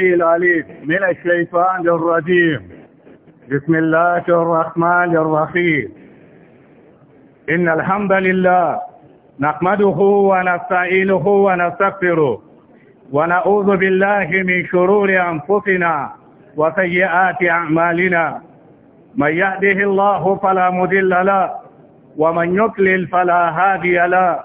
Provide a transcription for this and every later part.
السميع العليم من الشيطان الرجيم بسم الله الرحمن الرحيم إن الحمد لله نحمده ونستعينه ونستغفره ونعوذ بالله من شرور أنفسنا وسيئات أعمالنا من يهده الله فلا مذل له ومن يضلل فلا هادي له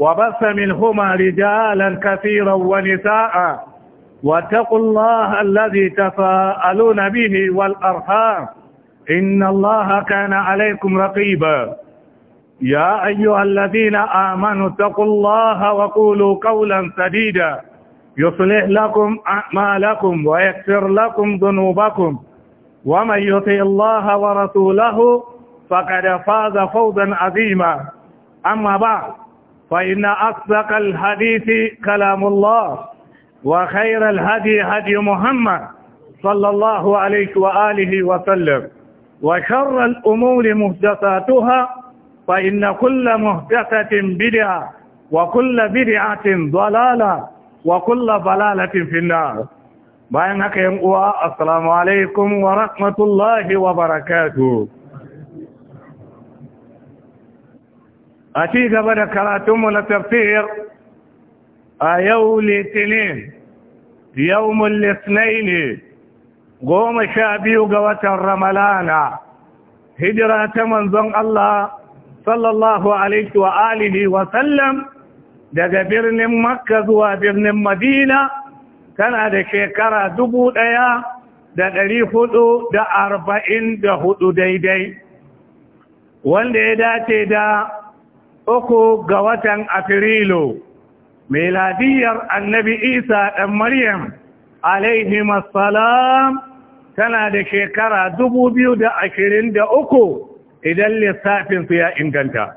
وبث منهما رجالا كثيرا ونساء واتقوا الله الذي تفاءلون به والأرحام إن الله كان عليكم رقيبا يا أيها الذين آمنوا اتقوا الله وقولوا قولا سديدا يصلح لكم أعمالكم ويكفر لكم ذنوبكم ومن يطيع الله ورسوله فقد فاز فوزا عظيما أما بعد فإن أصدق الحديث كلام الله وخير الهدي هدي محمد صلى الله عليه وآله وسلم وشر الأمور مهدساتها فإن كل مهدسة بدعة وكل بدعة ضلالة وكل ضلالة في النار بينك يمقوا السلام عليكم ورحمة الله وبركاته a ci gaba da karatunmu na tafiyar? a yau litinin yau mullisnai ne goma sha biyu ga watan ramalana hijira ta manzon Allah sallallahu alaihi wa alihi wa sallam daga birnin makka zuwa birnin madina tana da shekara dubu ɗaya da ɗari hudu da arba'in da hudu daidai wanda ya dace da uku ga watan Afrilu, ladiyar annabi Isa ɗan Maryam, alaihi masalam, tana da shekara dubu biyu da ashirin da uku idan lissafinsu ya inganta.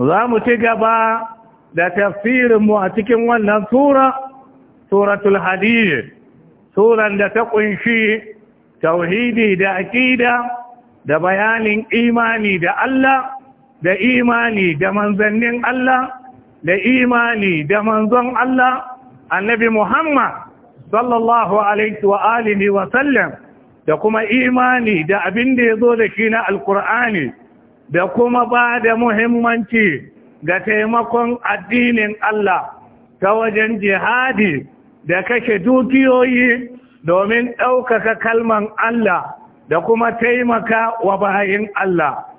Za mu ci gaba da tafsirinmu a cikin wannan Sura, Suratul Hadiyya, Suran da ta ƙunshi tauhidi da aƙida da bayanin imani da Allah da imani da manzannin Allah da imani da manzon Allah annabi Muhammad sallallahu alaihi wa alihi wa sallam da kuma imani da abin da yazo da shi na alqur'ani da kuma ba da muhimmanci ga taimakon addinin Allah ta wajen jihadi da kashe dukiyoyi domin ɗaukaka kalman Allah da kuma taimaka wa bayin Allah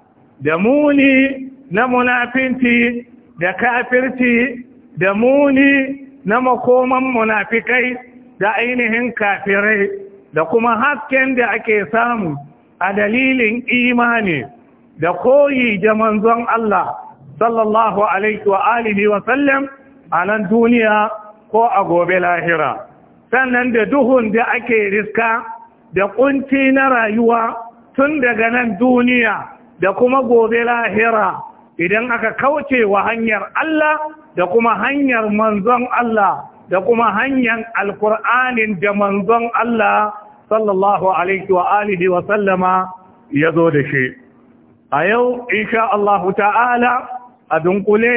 da muni na munafinci da kafirci da muni na makoman munafikai da ainihin kafirai da kuma hasken da ake samu a dalilin imani da koyi da manzon Allah sallallahu alaihi wa alihi wa sallam a nan duniya ko a gobe lahira sannan da duhun da ake riska da kunci na rayuwa tun daga nan duniya da kuma gobe lahira idan aka kauce wa hanyar Allah da kuma hanyar manzon Allah da kuma hanyar alkur'anin da manzon Allah sallallahu alaihi wa alihi wa sallama ya zo da shi a yau insha Allah ta'ala a dunkule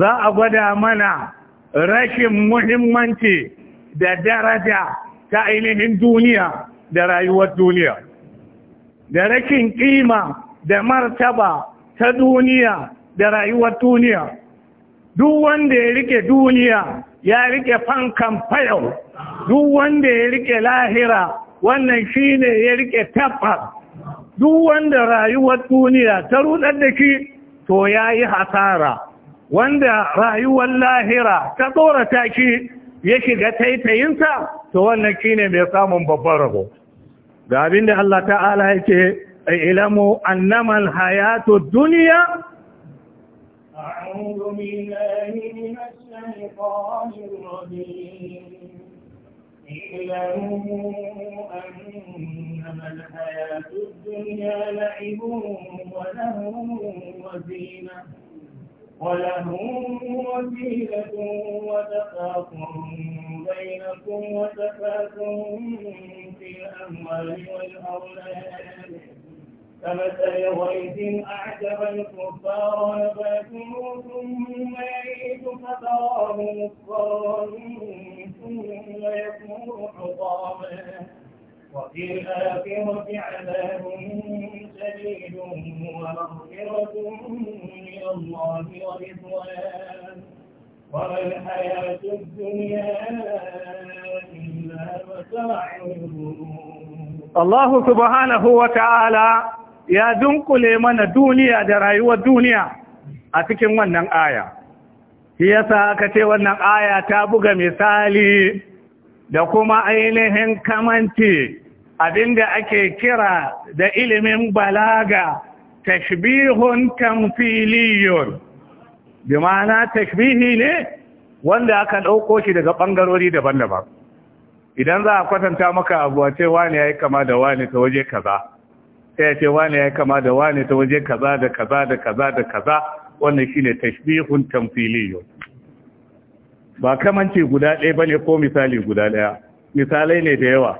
za a gwada mana rashin muhimmanci da daraja ta ainihin duniya da rayuwar duniya da rashin kima da martaba ta duniya da rayuwar duniya duk wanda ya rike duniya ya rike fankan fayau duk wanda ya rike lahira wannan shine ya rike tabbar duk wanda rayuwar duniya ta rudar da shi to ya yi hasara wanda rayuwar lahira ta tsorata shi ya shiga taitayinsa to wannan shine mai samun babbar rabo ga abin da Allah ta'ala yake اعلموا أنما الحياة الدنيا أعوذ بالله من الشيطان الرجيم اعلموا أنما الحياة الدنيا لعب وله وزينة وله وزينة وتفاخر بينكم وتفاخر في الأموال والأولاد فمثل غيث أعجب الكفار نباته ثم يعيد فتراه مصفرا ثم يكون حطاما وفي الآخرة عذاب شديد ومغفرة من الله ورضوان وما الحياة الدنيا إلا متاع الله سبحانه وتعالى ya dunkule mana duniya da rayuwar duniya a cikin wannan aya shi yasa aka ce wannan aya ta buga misali da kuma ainihin kamanci abinda ake kira da ilimin balaga tashbihun tamfiliyun bi ma'ana tashbihi ne wanda aka ɗauko shi daga ɓangarori daban-daban idan za a kwatanta maka abuwa ce wani ya yi kama da wani ta waje kaza sai ya ce wane ya kama da wane ta waje kaza da kaza da kaza da kaza wannan shine tashbihun tamfiliyo ba kamanci guda ɗaya bane ko misali guda ɗaya misalai ne da yawa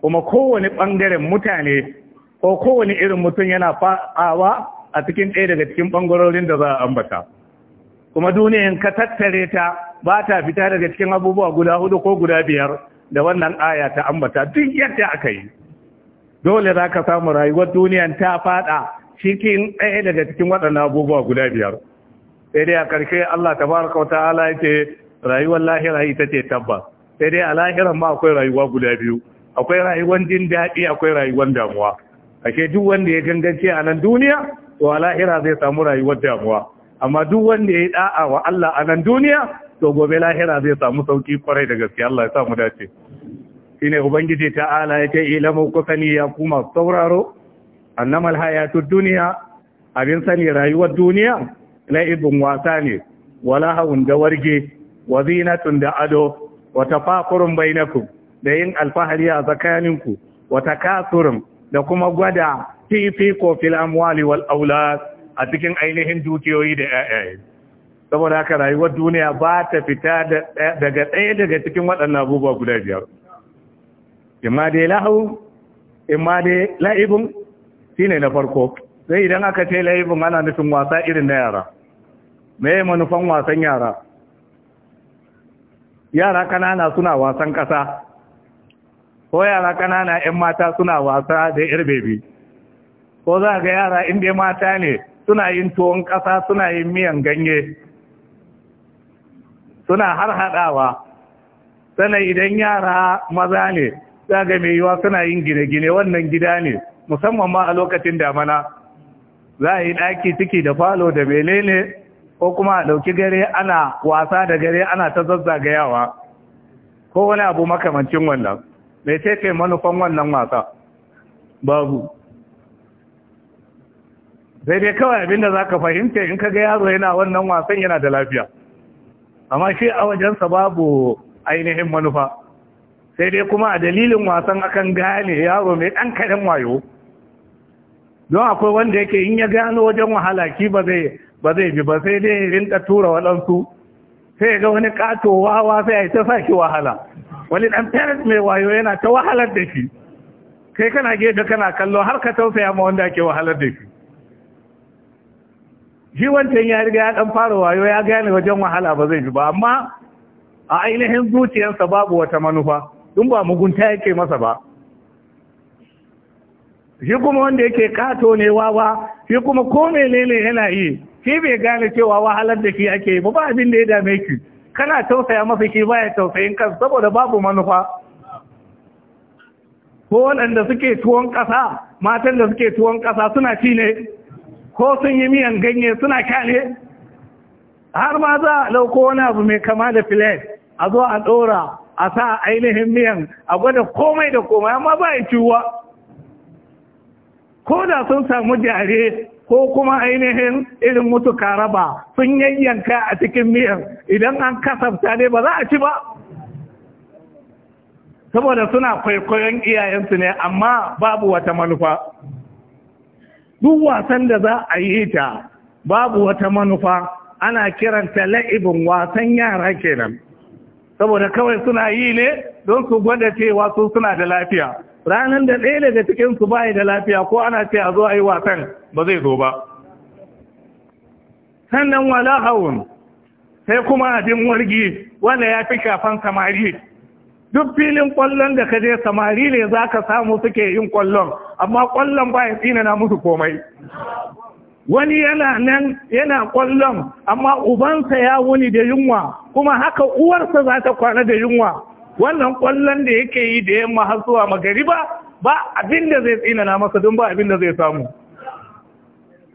kuma kowane bangaren mutane ko kowane irin mutum yana fa'awa a cikin ɗaya daga cikin bangarorin da za a ambata kuma duniyan ka tattare ta ba ta fita daga cikin abubuwa guda hudu ko guda biyar da wannan aya ta ambata duk yadda aka yi dole za ka samu rayuwar duniyan ta fada cikin ɗaya daga cikin waɗannan abubuwa guda biyar sai dai a ƙarshe Allah ta tabaraka wa ta'ala yake rayuwar lahira ita ce tabbas sai dai a lahiran ma akwai rayuwa guda biyu akwai rayuwar jin daɗi akwai rayuwar damuwa ake duk wanda ya gangance a nan duniya to a lahira zai samu rayuwar damuwa amma duk wanda ya yi ɗa'a wa Allah a nan duniya to gobe lahira zai samu sauki kwarai da gaske Allah ya sa mu dace shine ubangiji ta'ala yace ilamu kusani ya kuma sauraro Annama Alhayatun duniya abin sani rayuwar duniya la'ibun wasa ne wala haun da warge wa zinatun da ado wa tafakurun bainakum da yin alfahari a tsakaninku wata takasurun da kuma gwada fifiko ko amwali wal a cikin ainihin dukiyoyi da ƴaƴaye saboda haka rayuwar duniya ba ta fita daga ɗaya daga cikin waɗannan abubuwa guda biyar imma dai imma dai la'ibun shine na farko sai idan aka ce la'ibun ana nufin wasa irin na yara me manufan wasan yara yara kanana suna wasan kasa ko yara kanana 'yan mata suna wasa da yar bebi ko za ga yara inda mata ne suna yin tuwon ƙasa suna yin miyan ganye suna har haɗawa sannan idan yara maza ne zaga mai yiwa suna yin gine-gine wannan gida ne musamman ma a lokacin damana za a yi ɗaki ciki da falo da ne, ko kuma a ɗauki gare ana wasa da gare ana ta zazzagayawa ko wani abu makamancin wannan mai ce manufan wannan wasa babu sai dai kawai abinda za ka fahimta in ka ga yaro yana wannan wasan yana da lafiya amma shi a wajensa babu ainihin manufa sai dai kuma a dalilin wasan akan gane yaro mai ɗan kaɗan wayo don akwai wanda yake in ya gano wajen ki ba zai ba zai bi ba sai dai rinka tura waɗansu sai ga wani ƙato wawa sai ai ta sa wahala wani ɗan parent mai wayo yana ta wahalar da shi kai kana gefe kana kallo har ka tausaya ma wanda ake wahalar da shi shi wancan ya riga ya ɗan fara wayo ya gane wajen wahala ba zai bi ba amma a ainihin zuciyarsa babu wata manufa in ba mugunta yake masa ba shi kuma wanda yake kato ne wawa shi kuma ko menene yana yi shi bai gane cewa wahalar da shi ake yi ba abin da ya dame ki kana tausaya masa shi baya tausayin kan saboda babu manufa ko waɗanda suke tuwon ƙasa matan da suke tuwon ƙasa suna ci ne ko sun yi miyan ganye suna sha ne har ma za a ɗauko wani abu mai kama da filet a zo a ɗora a sa ainihin miyan a gwada komai da komai amma ba ya ciwuwa ko da sun samu jare ko kuma ainihin irin mutu karaba sun yayyanka a cikin miyan idan an kasafta ne ba za a ci ba saboda suna kwaikwayon iyayensu ne amma babu wata manufa duk wasan da za a yi ta babu wata manufa ana kiranta la'ibin wasan yara kenan saboda kawai suna yi ne don su gwada cewa su suna da lafiya ranar da ɗaya daga cikin su bai da lafiya ko ana ce a zo a yi wasan ba zai zo ba sannan wala haun sai kuma abin wargi wanda ya fi shafan samari duk filin kwallon da ka je samari ne za ka samu suke yin kwallon amma kwallon ba ya tsina na musu komai wani yana nan yana kwallon amma ubansa ya wuni da yunwa kuma haka uwarsa za ta kwana da yunwa wannan kwallon da yake yi da yamma har zuwa magari ba abin da zai tsinana masa don ba abin da zai samu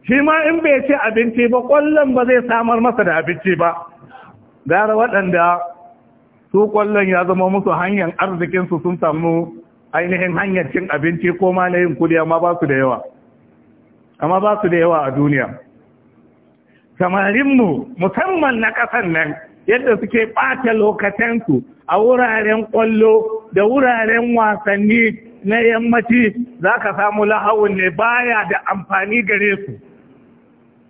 shi ma in bai ci abinci ba kwallon ba zai samar masa da abinci ba gara waɗanda su kwallon ya zama musu hanyar arzikinsu sun samu ainihin hanyar cin abinci ko ma na yin kuliya ma ba su da yawa amma ba su da yawa a duniya samarinmu musamman na ƙasar nan yadda suke ɓata lokacinsu a wuraren ƙwallo da wuraren wasanni na yammaci za ka samu lahawun ne baya da amfani gare su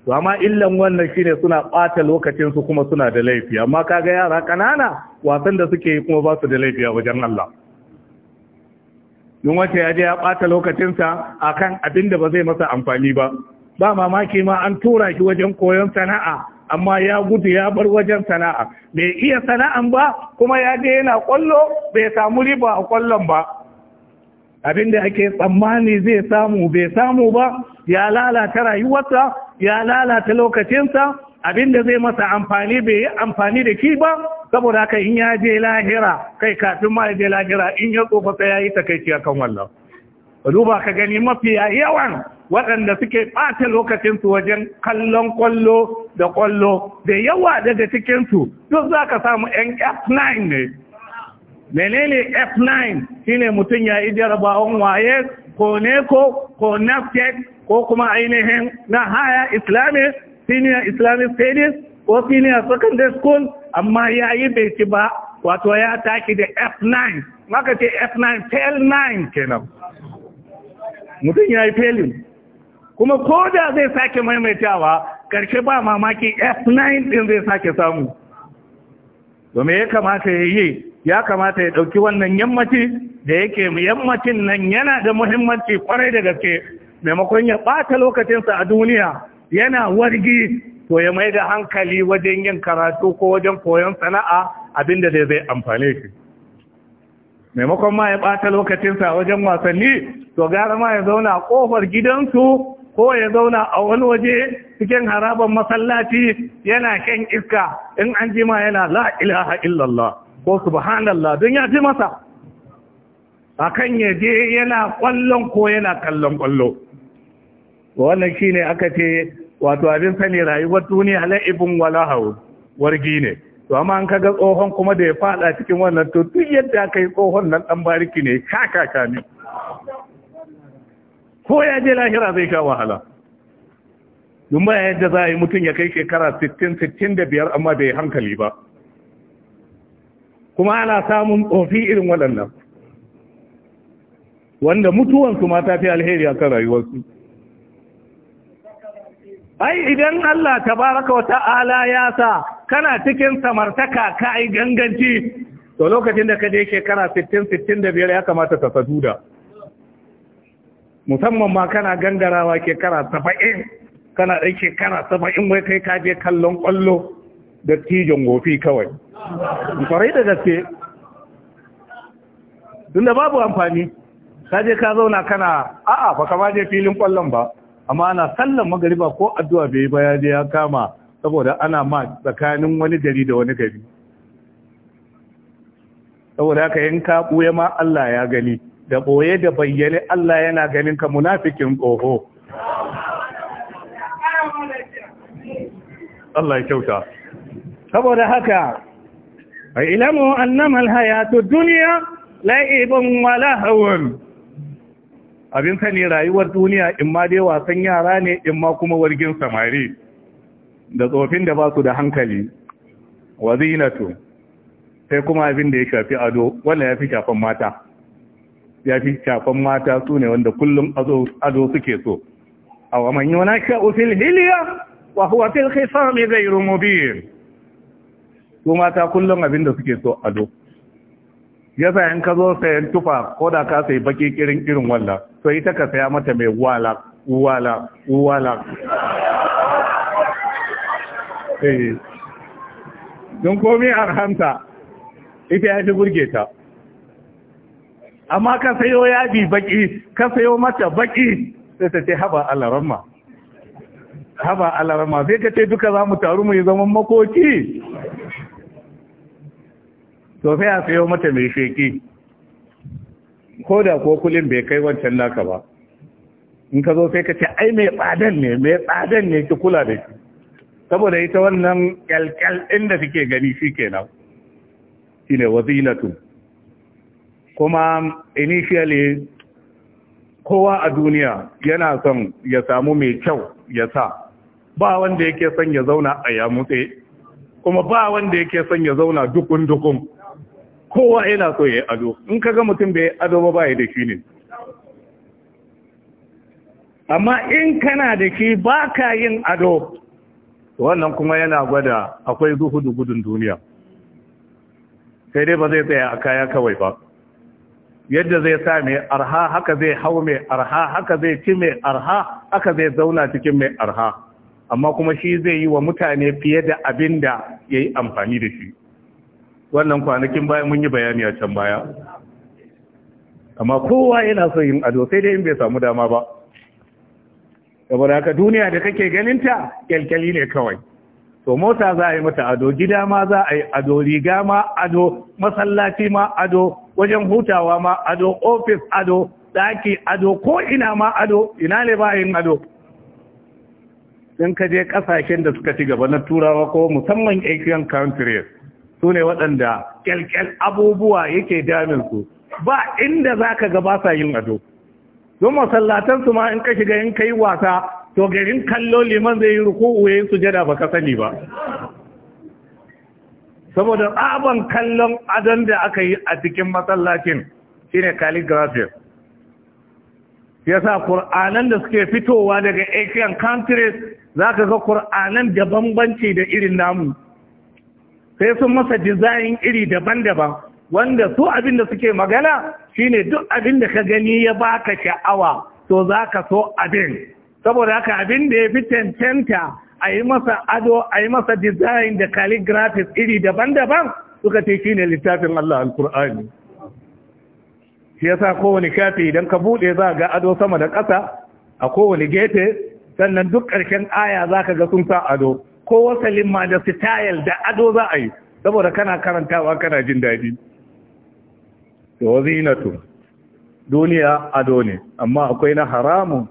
to amma illan wannan shine suna ɓata lokacinsu kuma suna da laifi amma kaga yara ƙanana wasan da suke yi kuma ba su da laifi a wajen Allah don wata ya je ya ɓata lokacinsa a kan abin da ba zai masa amfani ba ba mamaki ma an tura shi wajen koyon sana'a amma ya gudu ya bar wajen sana'a bai iya sana'an ba kuma ya je yana kwallo bai samu riba a kwallon ba abin da ake tsammani zai samu bai samu ba ya lalata rayuwarsa ya lalata lokacinsa abin da zai masa amfani bai yi amfani da shi ba saboda haka in ya je lahira kai kafin ma ya je lahira in ya tsofa sai ya yi takaici akan wallah duba ka gani mafi yawan waɗanda suke ɓata lokacinsu wajen kallon kwallo da kwallo da yawa daga cikinsu duk za ka samu yan f9 ne menene f9 shine mutum ya yi jarabawan waye ko neko ko naftek ko kuma ainihin na haya islamic senior islamic studies ko senior secondary school amma ya yi bai ci ba wato ya taki da f9 maka ce f9 fail 9 kenan mutum ya yi failing kuma ko da zai sake maimaitawa karshe ba mamaki f9 din zai sake samu domin ya kamata ya yi ya kamata ya ɗauki wannan yammaci da yake yammacin nan yana da muhimmanci kwarai da gaske maimakon ya ɓata lokacinsa a duniya yana wargi to ya mai da hankali wajen yin karatu ko wajen koyon sana'a abinda da zai amfane shi maimakon ma ya ɓata lokacinsa wajen wasanni to gara ma ya zauna a ƙofar gidansu ko ya zauna a wani waje cikin harabar masallaci yana shan iska in an ma yana la illallah ko subhanallah don ya ji masa a kan ya je yana ƙwallon ko yana kallon ƙwallo wannan shine aka ce wato abin sani rayuwar duniya la'ibin wala wargi ne to amma an kaga tsohon kuma da ya fada cikin wannan to duk yadda aka yi tsohon nan dan bariki ne ka ne ko ya je lahira zai sha wahala dun ba yadda za a yi mutum ya kai shekara 60-65 amma bai hankali ba kuma ana samun tsofi irin waɗannan wanda mutuwansu ma ta fi alheri a kan rayuwarsu ai idan Allah tabaraka wa ta'ala ya sa kana cikin samartaka ka ganganci to lokacin da ka je shekara 60-65 ya kamata ta saduda musamman ma kana gangarawa shekara 70 kana ɗai shekara 70 mai kai ka je kallon ƙwallo da tijon gofi kawai kwarai da gaske tun da babu amfani ka je ka zauna kana a'a ba kama je filin ƙwallon ba amma ana sallan magariba ko addu'a bai ba ya je ya kama saboda ana ma tsakanin wani gari da wani gari saboda haka yin ka ɓuya ma Allah ya gani da ɓoye da bayyane Allah yana ganin ka munafikin ƙoho Allah ya kyauta saboda haka a ilamu annama hayatu duniya la'ibun wa lahawun abin sani rayuwar duniya in ma dai wasan yara ne in ma kuma wargin samari da tsofin da ba su da hankali wa zinatu sai kuma abin da ya shafi ado wanda ya fi shafan mata ya fi shafan mata su ne wanda kullum ado suke so a wa man yana ka fil hiliya wa huwa fil khisam ghayru mubin su mata kullum abin da suke so ado yasa in ka zo sayan tufa ko da ka sai baki kirin irin wallah to ita ka saya mata mai wala wala wala eh don komai arhanta ita ya fi burge ta amma ka sayo yadi baki ka sayo mata baki sai ta ce haba al'arama, haba al'arama. sai ka ce duka za mu taru mu yi zaman makoki to sai a sayo mata mai sheki ko da ko kulin bai kai wancan naka ba in ka zo sai ka ce ai mai tsadan ne mai tsadan ne ki kula da shi saboda ita wannan kyalkyal ɗin da suke gani shi kenan shi ne wazinatu kuma initially kowa a duniya yana son ya samu mai kyau ya sa ba wanda yake son ya zauna a yamutse kuma ba wanda yake son ya zauna dukun-dukun kowa yana so ya yi ado in ka ga mutum bai ado ba ba da shi ne amma in kana da shi ba ka yin ado wannan kuma yana gwada akwai zuhudu gudun duniya sai dai ba zai tsaya a kaya kawai ba yadda zai sa mai arha haka zai hau mai arha haka zai ci mai arha haka zai zauna cikin mai arha amma kuma shi zai yi wa mutane fiye da abin da ya yi amfani da shi wannan kwanakin bayan mun yi bayani a can baya amma kowa yana so yin ado sai dai in bai samu dama ba saboda haka duniya da kake ganinta kyalkyali ne kawai to mota za a yi mata ado gida ma za a yi ado riga ma ado masallaci ma ado wajen hutawa ma ado ofis ado ɗaki ado ko ina ma ado ina ne ba yin ado in ka je ƙasashen da suka ci gaba na turawa ko musamman asian countries su ne waɗanda kyalkyal abubuwa yake daminsu ba inda za ka ga sa yin ado don masallatansu ma in ka shiga in kai wasa to garin kallon liman zai yi ruku'u su sujada ba ka sani ba saboda tsaban kallon adon da aka yi a cikin masallacin shine calligraphy yasa Kur'anan da suke fitowa daga Asian countries zaka ga Kur'anan da bambanci da irin namu sai sun masa dizayin iri daban-daban wanda su abin da suke magana shine duk abin da ka gani ya baka sha'awa to za ka so abin saboda haka abin da ya fi cancanta a yi masa ado a yi masa dizayin da calligraphies iri daban-daban suka ce shine littafin Allah al-Qur'ani shi yasa kowane shafi idan ka bude za ga ado sama da ƙasa a kowane gefe sannan duk ƙarshen aya za ka ga sun sa ado ko wasalin ma da sitayal da ado za a yi saboda kana karantawa kana jin daɗi da wazinatu duniya ado ne amma akwai na haramun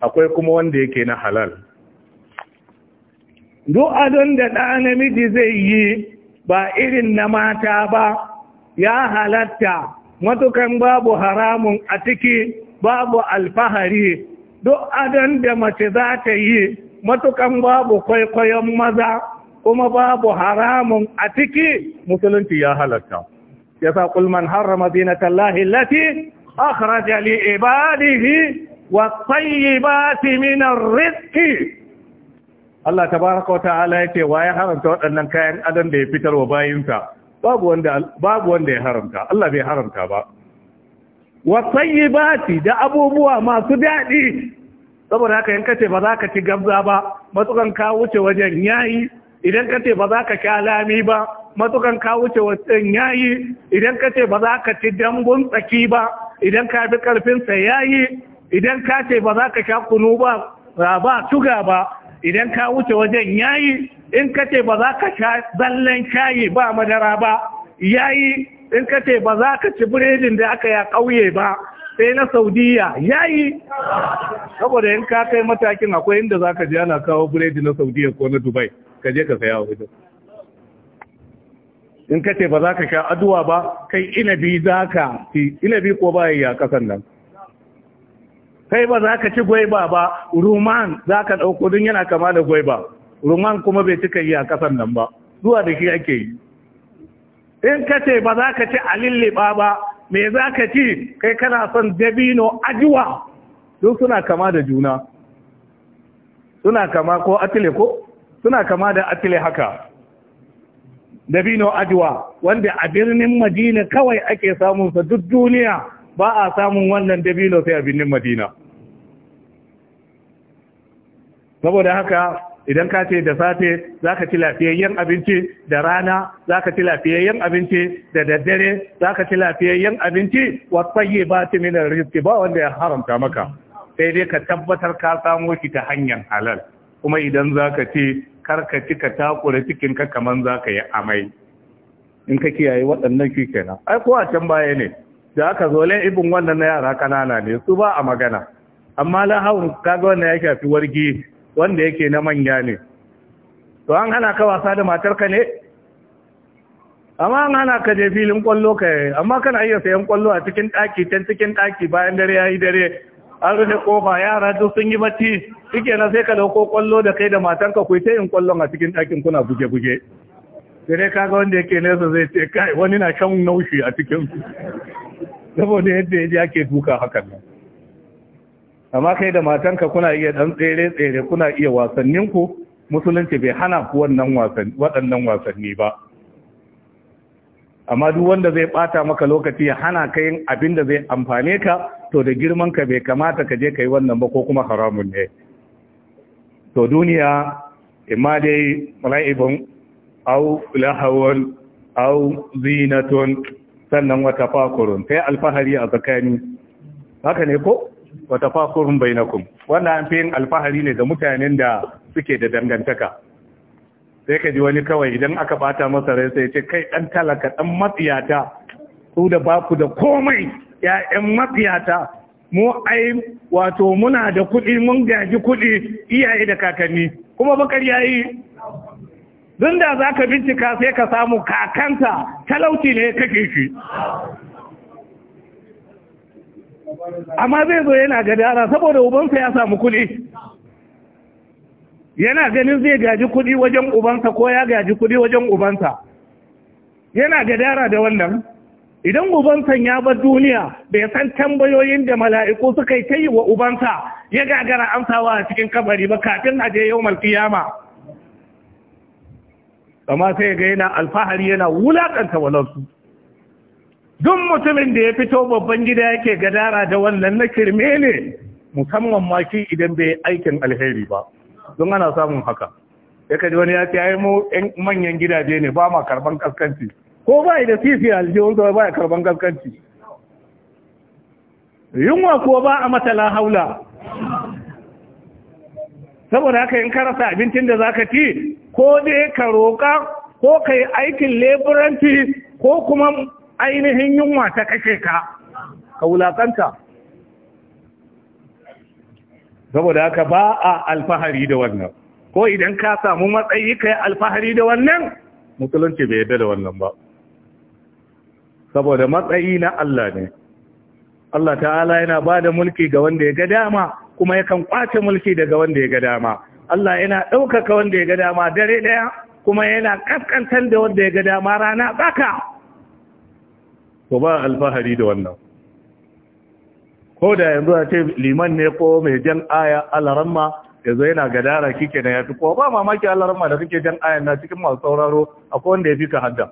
akwai kuma wanda yake na halal duk adon da ɗa namiji zai yi ba irin na mata ba ya halatta matukan babu haramun a ciki babu alfahari duk adon da mace za ta yi matukan babu kwaikwayon maza kuma babu haramun a ciki musulunci ya halatta ya sa kulman harrama zinatallahi lati akhraja li ibadihi wa tayyibati min ar-rizqi Allah tabaraka ta'ala yake wa ya haramta waɗannan kayan adam da ya fitar wa bayinsa babu wanda babu wanda ya haramta Allah bai haramta ba wa tayyibati da abubuwa masu daɗi saboda haka in kace ba za ka ci gabza ba matsukan ka wuce wajen yayi idan kace ba za ka ci alami ba matsukan ka wuce wajen yayi idan kace ba za ka ci dambun tsaki ba idan ka bi karfin sa yayi idan ka ce ba za ka sha kunu ba ba tuga ba idan ka wuce wajen yayi in ka ce ba za ka sha zallan shayi ba madara ba yayi in ka ce ba za ka ci biredin da aka ya ƙauye ba sai na saudiya ya yi saboda in ka kai matakin akwai inda za ka jana kawo buredi na saudiya ko na dubai ka je ka saya wajen in ka ce ba za ka sha aduwa ba kai inabi za ka fi inabi ko ba yi a kasan nan kai ba za ka ci gwaiba ba ruman za ka ɗauko don yana kama da gwaiba ruman kuma bai cika yi a kasan nan ba zuwa da shi ake yi in ka ce ba za ka ci alilliba ba me za ka ci kai kana son dabino ajiwa? duk suna kama da juna suna kama ko atile ko suna kama da atile haka dabino ajiwa wanda a birnin madina kawai ake samunsa duk duniya ba a samun wannan dabino sai a birnin madina saboda haka idan ka ce da safe za ka ci lafiyayyen abinci da rana za ka ci lafiyayyen abinci da daddare za ka ci lafiyayyen abinci wasaye ba ta minar riski ba wanda ya haramta maka sai dai ka tabbatar ka samu shi ta hanyar halal kuma idan za ka ci karka ci ka takura cikinka kamar za ka yi amai in ka kiyaye waɗannan shi kenan ai ko a can baya ne da aka zo ibin wannan na yara kanana ne su ba a magana amma lahawun kaga wannan ya shafi wargi wanda yake na manya ne to an hana ka wasa da matarka ne amma an hana ka je filin kwallo ka yi amma kana iya sayan kwallo a cikin ɗaki can cikin ɗaki bayan dare ya yi dare an rufe ƙofa yara duk sun yi bacci shike na sai ka dauko kwallo da kai da matanka ku ta yin kwallon a cikin ɗakin kuna buge-buge sai ka kaga wanda yake nesa zai ce kai wani na shan naushi a cikin saboda yadda ya ke duka hakan nan amma kai da matanka kuna iya dan tsere-tsere kuna iya ku, musulunci bai hana ku waɗannan wasanni ba amma duk wanda zai bata maka lokaci ya hana ka yin abin da zai amfane ka to da girman ka bai kamata ka je kai wannan ba ko kuma haramun ne to duniya imma dai mala'ibun au Lahawar, au zinatun sannan wata fakurun sai alfahari a tsakani haka ne ko wata tafakurun bainakum wannan an alfahari ne ga mutanen da suke da dangantaka sai ka ji wani kawai idan aka bata masa rai sai ce kai dan talaka dan matsiyata ku da baku da komai 'ya'yan matsiyata mu ai wato muna da kuɗi mun gaji kuɗi iyaye da kakanni kuma bakar yayi dun da ka bincika sai ka samu kakanta talauci ne kake shi amma zai zo yana gadara saboda ubansa ya samu kuɗi yana ganin zai gaji kuɗi wajen ubansa ko ya gaji kuɗi wajen ubansa yana gadara da wannan idan ubansa ya bar duniya bai san tambayoyin da mala'iku suka yi ta yi wa ubansa ya gagara amsawa a cikin kabari ba kafin a je yau malkiyama amma sai ga yana alfahari yana wulakanta walarsu duk mutumin da ya fito babban gida yake gadara da wannan na kirme ne musamman ma shi idan bai aikin alheri ba don ana samun haka ya kaji wani ya ce ai mu manyan gidaje ne ba ma karban kaskanci ko ba da sisi aljihun sa ba ya karban kaskanci yunwa kuwa ba a matala haula saboda haka in karasa abincin da zaka ci ko dai ka roƙa ko ka yi aikin leburanci ko kuma ainihin yunwa ta kashe ka ka wulakanta saboda haka ba a alfahari da wannan ko idan ka samu matsayi ka yi alfahari da wannan musulunci bai yadda da wannan ba saboda matsayi na Allah ne Allah ta'ala yana ba da mulki ga wanda ya ga dama kuma yakan kwace mulki daga wanda ya ga dama Allah yana ɗaukaka wanda ya ga dama dare ɗaya kuma yana ƙasƙantar da wanda ya ga dama rana tsaka to ba alfahari da wannan ko da yanzu a ce liman ne ko mai jan aya alaramma zo yana gadara kike na yafi ko ba mamaki alaramma da kake jan aya na cikin masu sauraro a wanda ya fi ka hadda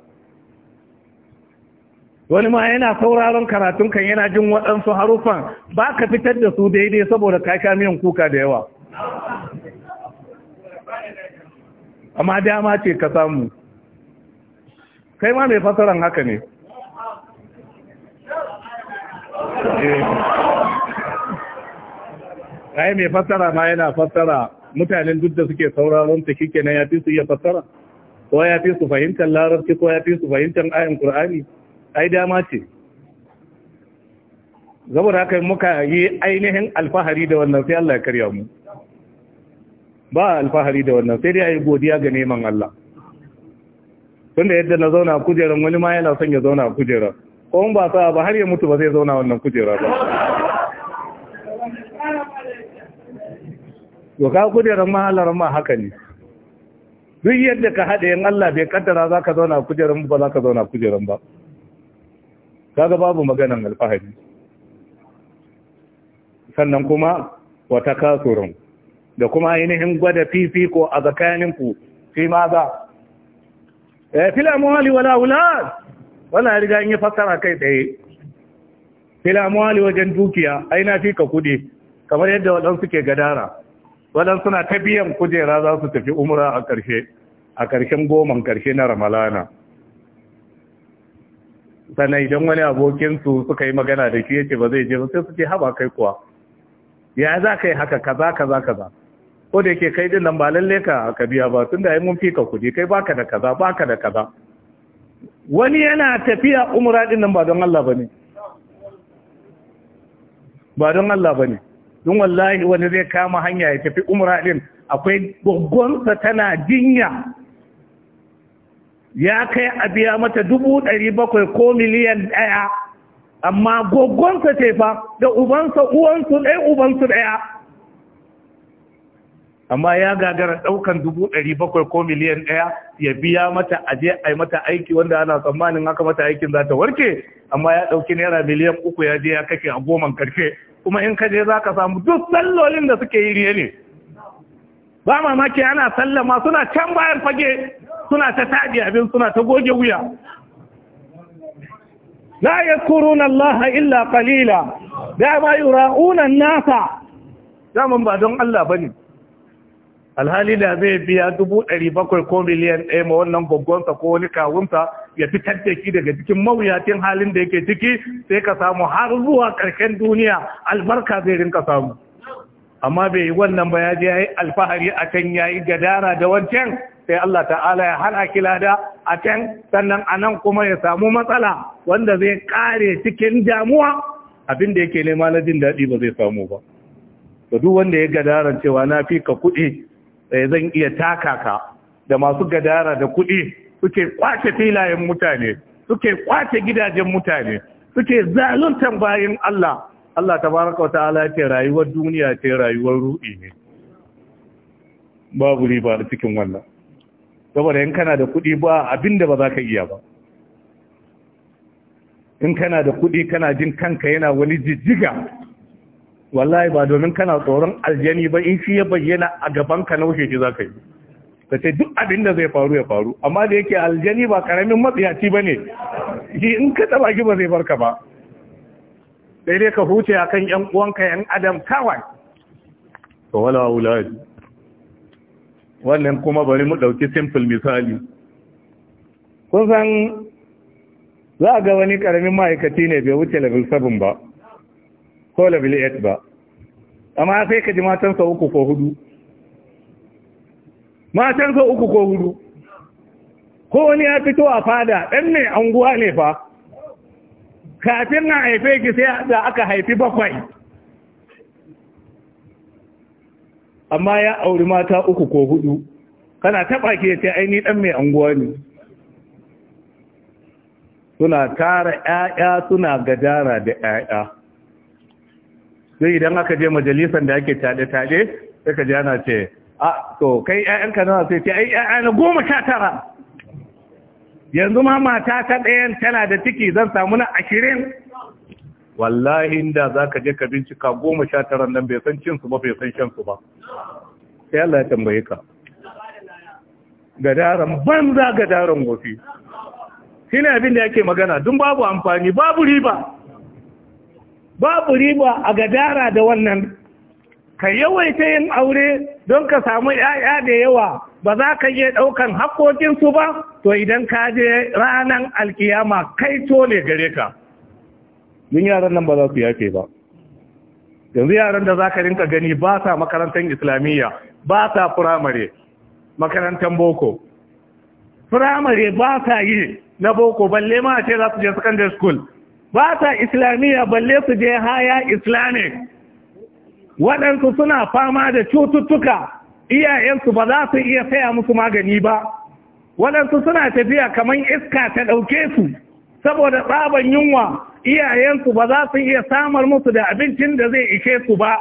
wani ma yana sauraron karatun kan yana jin waɗansu harufan ba ka fitar da su daidai saboda kaka sha miyan kuka da yawa amma dama ce ka samu kai ma mai fasaran haka ne ai mai fassara ma yana fassara mutanen duk da suke sauraron ta kike na ya fi su iya fassara ko ya fi su fahimtar larabci ko ya fi su fahimtar ayin Kur'ani, ai dama ce saboda haka muka yi ainihin alfahari da wannan sai Allah ya karya mu ba alfahari da wannan sai dai ayi godiya ga neman Allah tunda yadda na zauna kujerar wani ma yana son ya zauna kujerar ko ba sa ba har ya mutu ba zai zauna wannan kujera ba doka kujerar mahalar ma haka ne duk yadda ka haɗe in Allah bai kaddara za ka zauna kujerar ba za ka zauna kujerar ba kaga babu maganan alfahari sannan kuma wata kasurin da kuma ainihin gwada fifiko a tsakaninku fi ma za. Eh, fila muhali wala wula wannan riga in yi fassara kai tsaye filamuwali wajen dukiya ai na fi ka kudi kamar yadda waɗansu ke gadara waɗansu na ta biyan kujera za su tafi umra a ƙarshe a ƙarshen goman ƙarshe na ramalana sannan idan wani abokinsu suka yi magana da shi yake ba zai je ba sai su ce haba kai kuwa ya za ka yi haka kaza kaza kaza ko da yake kai din nan ba lalle ka ka biya ba tunda yi mun fika kuɗi kai baka da kaza baka da kaza wani yana tafiya umura din nan ba don Allah ne ba don Allah ne don wallahi wani zai kama hanya ya tafi umra din akwai goggonsa tana jinya ya kai a biya mata dubu ɗari bakwai ko miliyan ɗaya amma goggonsa ce fa da ubansa uwansu ɗaya ubansu ɗaya amma ya gagara ɗaukan dubu ɗari bakwai ko miliyan ɗaya ya biya mata aje a yi mata aiki wanda ana tsammanin haka mata aikin za ta warke amma ya ɗauki naira miliyan uku ya je ya kake a goman karfe kuma in ka je za ka samu duk sallolin da suke yi riye ne ba mamaki ana sallama suna can bayan fage suna ta taɗi abin suna ta goge wuya la yakuruna Allah illa qalila ma yura'una an-nasa daman ba don Allah bane alhali da zai biya dubu ɗari bakwai ko miliyan ɗaya ma wannan gwaggonsa ko wani kawunsa ya fitar da shi daga cikin mawuyacin halin da yake ciki sai ka samu har zuwa ƙarshen duniya albarka zai rinka samu amma bai yi wannan ba ya yayi yi alfahari a can ya yi gadara da wancan sai Allah ta'ala ya hana kilada a can sannan a nan kuma ya samu matsala wanda zai kare cikin damuwa abin da yake nema na jin daɗi ba zai samu ba da duk wanda ya gadaran cewa na fi ka kuɗi Eh, zan iya taka ka da masu gadara da kuɗi suke kwace filayen mutane suke kwace gidajen mutane suke zaluntan bayan Allah Allah ta wata ala ce rayuwar duniya ce rayuwar ruɗi ne babu riba da cikin wannan saboda in kana da kuɗi ba abinda ba za ka iya ba in kana da kuɗi kana jin kanka yana wani jijjiga wallahi ba domin kana tsoron aljani ba in shi ya bayyana a gaban ka naushe shi zaka yi ka ce duk abin da zai faru ya faru amma da yake aljani ba karamin matsiyaci ba ne shi in ka taba shi ba zai barka ba sai dai ka huce a kan ‘yan uwanka ‘yan adam kawai to wala wulari wannan kuma bari mu ɗauki simple misali kun san za a ga wani karamin ma'aikaci ne bai wuce level 7 ba ko level et ba amma sai ka ji matansa uku ko hudu matansa uku ko hudu ko wani ya fito a fada ɗan ne anguwa ne fa kafin na haife ki sai da aka haifi bakwai amma ya auri mata uku ko hudu kana taɓa ke sai ni ɗan mai anguwa ne suna tara ƴaƴa, suna gadara da ƴaƴa. zai idan aka je majalisar da ake taɗe-taɗe sai ka jana ce a to kai ƴaƴanka nawa sai ce ai ƴaƴana goma sha tara yanzu ma mata ta ɗayan tana da ciki zan samu na ashirin wallahi inda za ka je ka bincika goma sha tara nan bai san cinsu ba bai san shansu ba sai Allah ya tambaye ka gadaran banza gadaran gofi shi abin da yake magana dun babu amfani babu riba babu riba a gadara da wannan ka yawaita yin aure don ka samu ‘ya'ya da yawa ba za ka je ɗaukan haƙoƙinsu ba to idan ka je ranar alkiyama kai to ne gare ka yin yaran nan ba za su yafe ba yanzu yaran da za ka rinka gani ba sa makarantar islamiyya ba sa firamare makarantar boko firamare ba sa yi na boko balle ma ce za su je secondary school ba ta islamiyya balle su je haya islamic waɗansu suna fama da cututtuka iyayensu ba za su iya saya musu magani ba waɗansu suna tafiya kamar iska ta ɗauke su saboda tsaban yunwa iyayensu ba za su iya samar musu da abincin da zai ishe su ba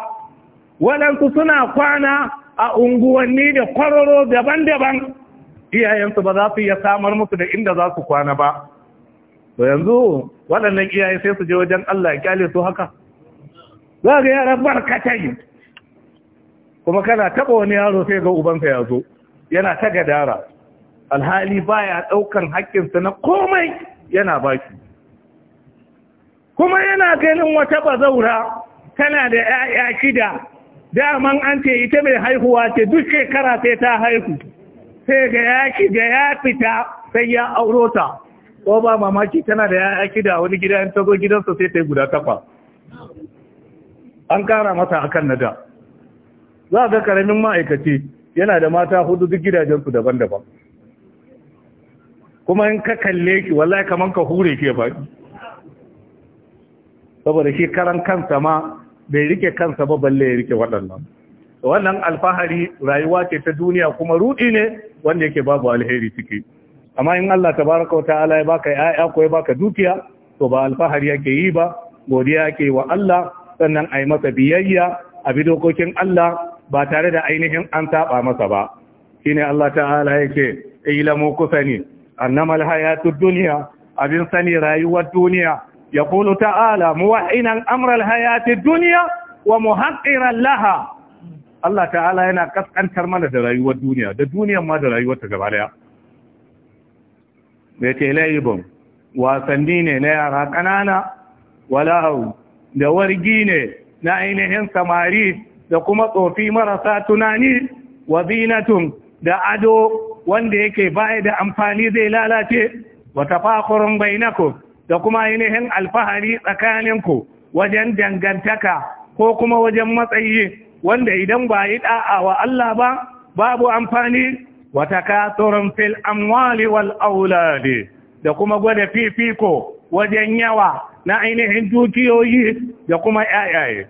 waɗansu suna kwana a unguwanni da kwararo daban-daban iyayensu ba za su iya samar musu da inda za su kwana ba to yanzu waɗannan iyaye sai su je wajen Allah ya kyale su haka za ga yara barkatai kuma kana taɓa wani yaro sai ga ubansa ya zo yana ta gadara alhali baya ɗaukan haƙƙinsa na komai yana baki kuma yana ganin wata bazaura tana da 'ya'ya shida daman an ce ita mai haihuwa ce duk shekara sai ta haihu sai ga ya shiga ya fita sai ya auro ta ko ba mamaki tana da ya'ya kida wani gida in ta zo gidansa sai ta yi guda tafa. an kara masa akan na da za ga karamin ma'aikaci yana da mata hudu duk gidajensu daban-daban kuma in ka kalle ki wallahi kaman ka hure ke ba saboda shi karan kansa ma bai rike kansa ba balle ya rike waɗannan wannan alfahari rayuwa ce ta duniya kuma rudi ne wanda yake babu alheri ciki amma in Allah tabaraka wa ta'ala ya baka ya'ya ko ya baka dukiya to ba alfahari yake yi ba godiya yake wa Allah sannan a yi masa biyayya a bi dokokin Allah ba tare da ainihin an taɓa masa ba shine Allah ta'ala yake ilamu kusani annama alhayatud dunya abin sani rayuwar duniya yaqulu ta'ala muwahhinan amra alhayatid dunya wa muhaqqiran laha Allah ta'ala yana kaskantar mana da rayuwar duniya da duniyar ma da rayuwar ta gaba daya da ke wasanni ne na yara ƙanana walahau da wargi ne na ainihin samari da kuma tsofi marasa tunani wa zinatun da ado wanda yake baya da amfani zai lalace wa tafakurun bainaku da kuma ainihin alfahari tsakaninku wajen dangantaka ko kuma wajen matsayi wanda idan ba yi da'a wa Allah ba babu amfani wa takathurun fil amwali wal da kuma gwada fifiko wajen yawa na ainihin dukiyoyi da kuma yayaye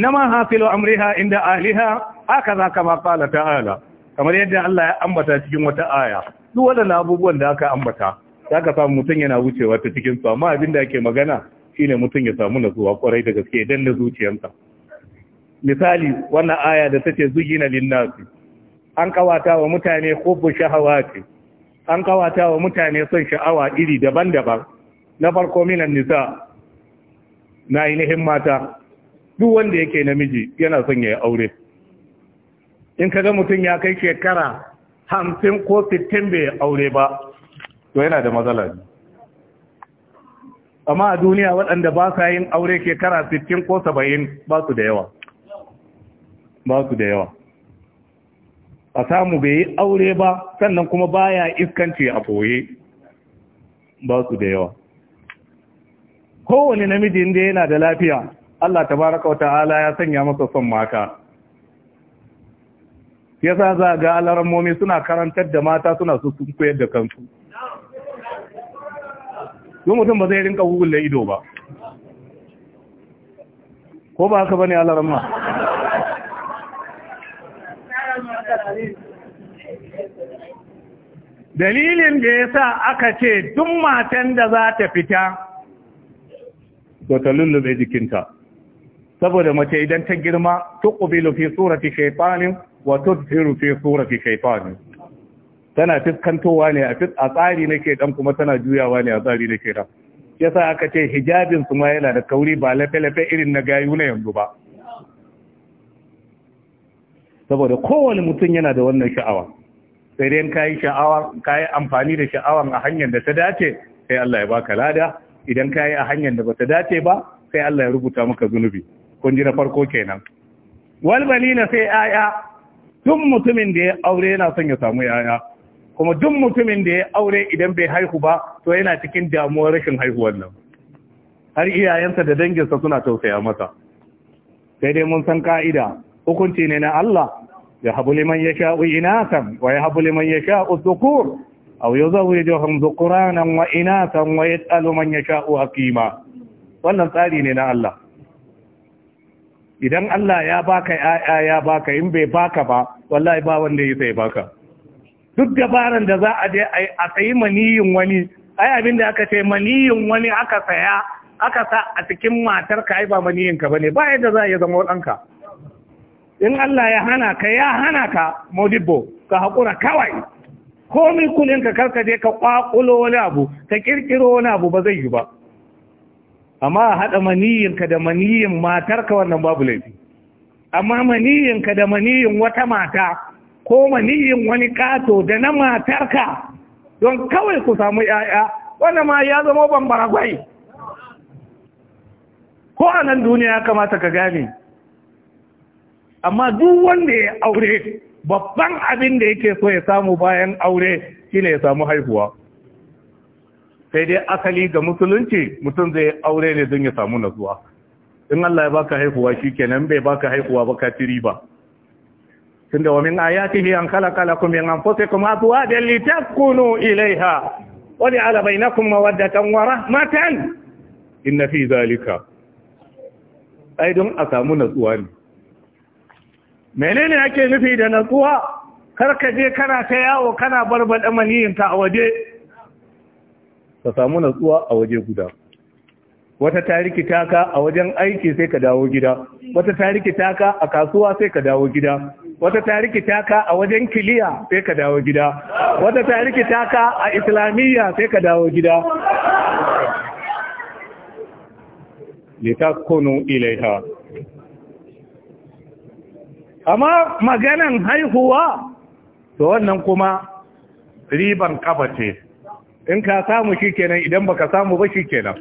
ma hasilu amriha inda ahliha aka za kama qala ta'ala kamar yadda Allah ya ambata cikin wata aya duk wadannan abubuwan da aka ambata ka samu mutum yana wucewa ta cikin su amma abin da ake magana shine mutum ya samu na zuwa kwarai da gaske idan na zuciyarsa misali wannan aya da take zuyina linnasi an kawata wa mutane hubbu shahawati an kawata wa mutane son sha'awa iri daban-daban na farko minan nisa na ainihin mata duk wanda yake namiji yana son ya yi aure in kaga mutum ya kai shekara hamsin ko sittin bai aure ba to yana da matsala ne amma a duniya waɗanda ba sa yin aure shekara sittin ko saba'in ba su da yawa ba su da yawa a samu bai yi aure ba sannan kuma baya iskanci a boye ba su da yawa kowane namiji inda yana da lafiya Allah tabaraka wata'ala ya sanya masa son mata yasa za ga alarmomi suna karantar da mata suna su sun koyar da kansu yi mutum ba zai rinka gugulle ido ba ko ba haka bane alarma dalilin da ya sa aka ce duk matan da za ta fita to ta lullube jikinta saboda mace idan ta girma sura fi surati shaytanin wa tudfiru fi surati shaytanin tana fiskantowa ne a tsari ke ɗan kuma tana juyawa ne a tsari na nake Ya yasa aka ce hijabinsu ma yana da kauri ba lafe-lafe irin na gayu na yanzu ba saboda kowane mutum yana da wannan sha'awa sai dai kai sha'awa kai amfani da sha'awa a hanyar da ta dace sai Allah ya baka lada idan kai a hanyar da bata dace ba sai Allah ya rubuta maka zunubi kun ji na farko kenan wal balina sai aya duk mutumin da ya aure yana son ya samu yaya kuma duk mutumin da ya aure idan bai haihu ba to yana cikin damuwar rashin haihuwar nan har iyayensa da danginsa suna tausaya masa sai dai mun san ka'ida hukunci ne na Allah يهب لمن يشاء إناثا ويهب لمن يشاء الذكور أو يزوجهم ذكرانا وإناثا ويسأل من يشاء حكيما wannan tsari ne na Allah idan Allah ya baka ya'ya ya baka in bai baka ba wallahi ba wanda ya sai baka duk dabaran da za a je a sayi maniyin wani ai abin da aka ce maniyin wani aka saya aka sa a cikin matar ka ai ba maniyin ka bane ba yadda za a yi zama wadanka in Allah ya hana ka ya hana ka modibbo ka haƙura kawai komi kulin ka karka je ka ƙwaƙulo wani abu ka ƙirƙiro wani abu ba zai yi ba amma haɗa maniyinka da maniyin matarka wannan babu laifi amma maniyinka da maniyin wata mata ko maniyin wani kato da na matarka don kawai ku samu 'ya'ya wanda ma ya zama bambara gwai ko a nan duniya ya kamata ka gane amma duk wanda ya aure babban abin da yake so ya samu bayan aure shine ya samu haihuwa sai dai asali ga musulunci mutum zai aure ne don ya samu nasuwa in Allah ya baka haihuwa kenan bai baka haihuwa ba ka tiri ba tunda wa min ayatihi an khalaqa lakum min anfusikum azwajan litaskunu ilayha wa ja'ala bainakum mawaddatan wa rahmatan inna fi zalika ai don a samu natsuwa ne menene ake nufi da natsuwa kar ka je kana ta yawo kana barbaɗa maniyinka a waje ka samu natsuwa a waje guda wata tariki taka a wajen aiki sai ka dawo gida wata tariki taka a kasuwa sai ka dawo gida wata tariki taka a wajen kiliya sai ka dawo gida wata tariki taka a islamiyya sai ka dawo gida ilai ilaiha amma maganan haihuwa to wannan kuma riban kafa ce in ka samu shikenan idan baka samu ba shikenan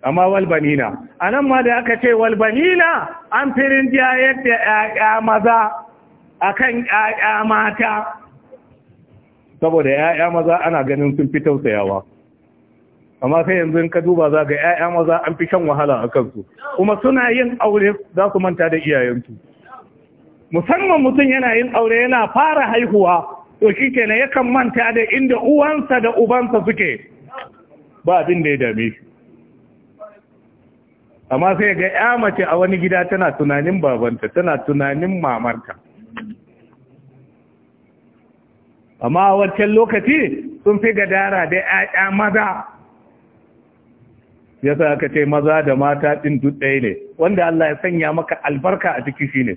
amma walbanina anan ma da aka ce walbanina an firin jayar da ƴaƴa maza akan ƴaƴa mata saboda ƴaƴa maza ana ganin sun fi tausayawa amma sai yanzu in ka duba za ga ƴaƴa maza an fi shan wahala a kansu kuma suna yin aure za su manta da iyayensu musamman mutum yana yin aure yana fara haihuwa to shi kenan yakan manta da inda uwansa da ubansa suke ba abin da ya dame shi amma sai ga ya mace a wani gida tana tunanin babanta tana tunanin mamarta amma a wancan lokaci sun fi dara da ‘ya'ya maza ya sa ka ce maza da mata ɗin duk ɗaya ne wanda Allah ya sanya maka albarka a ciki shi ne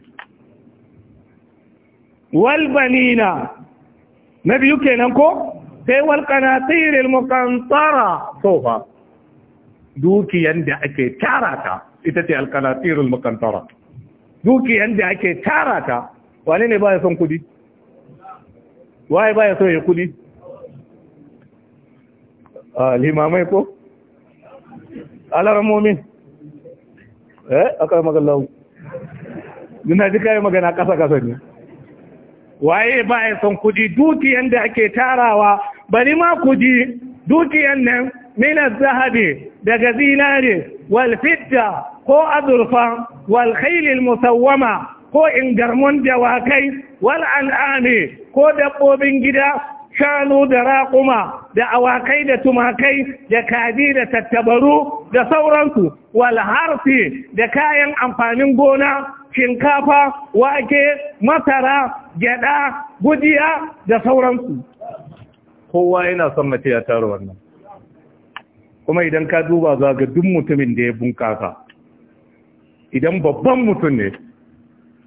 walbanina na biyu kenan ko sai walƙanatiril mukantara sofa dukiyan da ake tara ta ita ce alƙanatiril mukantara dukiyan da ake tara ta wane ne baya son kudi waye baya son ya kudi alhimamai ko alaramomin eh aka yi ji magana ƙasa-ƙasa ne waye ba ya son kuɗi dukiyan da ake tarawa bari ma kuɗi dukiyan nan minas zahabi daga zinare wal fidda ko azurfa wal khailil musawwama ko ingarmon dawakai wal an'ami ko dabbobin gida shanu da raƙuma da awakai da tumakai da kaji da tattabaru da sauransu wal harfi da kayan amfanin gona shinkafa wake masara gyada gujiya da sauransu kowa yana son mace ya tara wannan kuma idan ka duba za ga duk mutumin da ya bunkasa idan babban mutum ne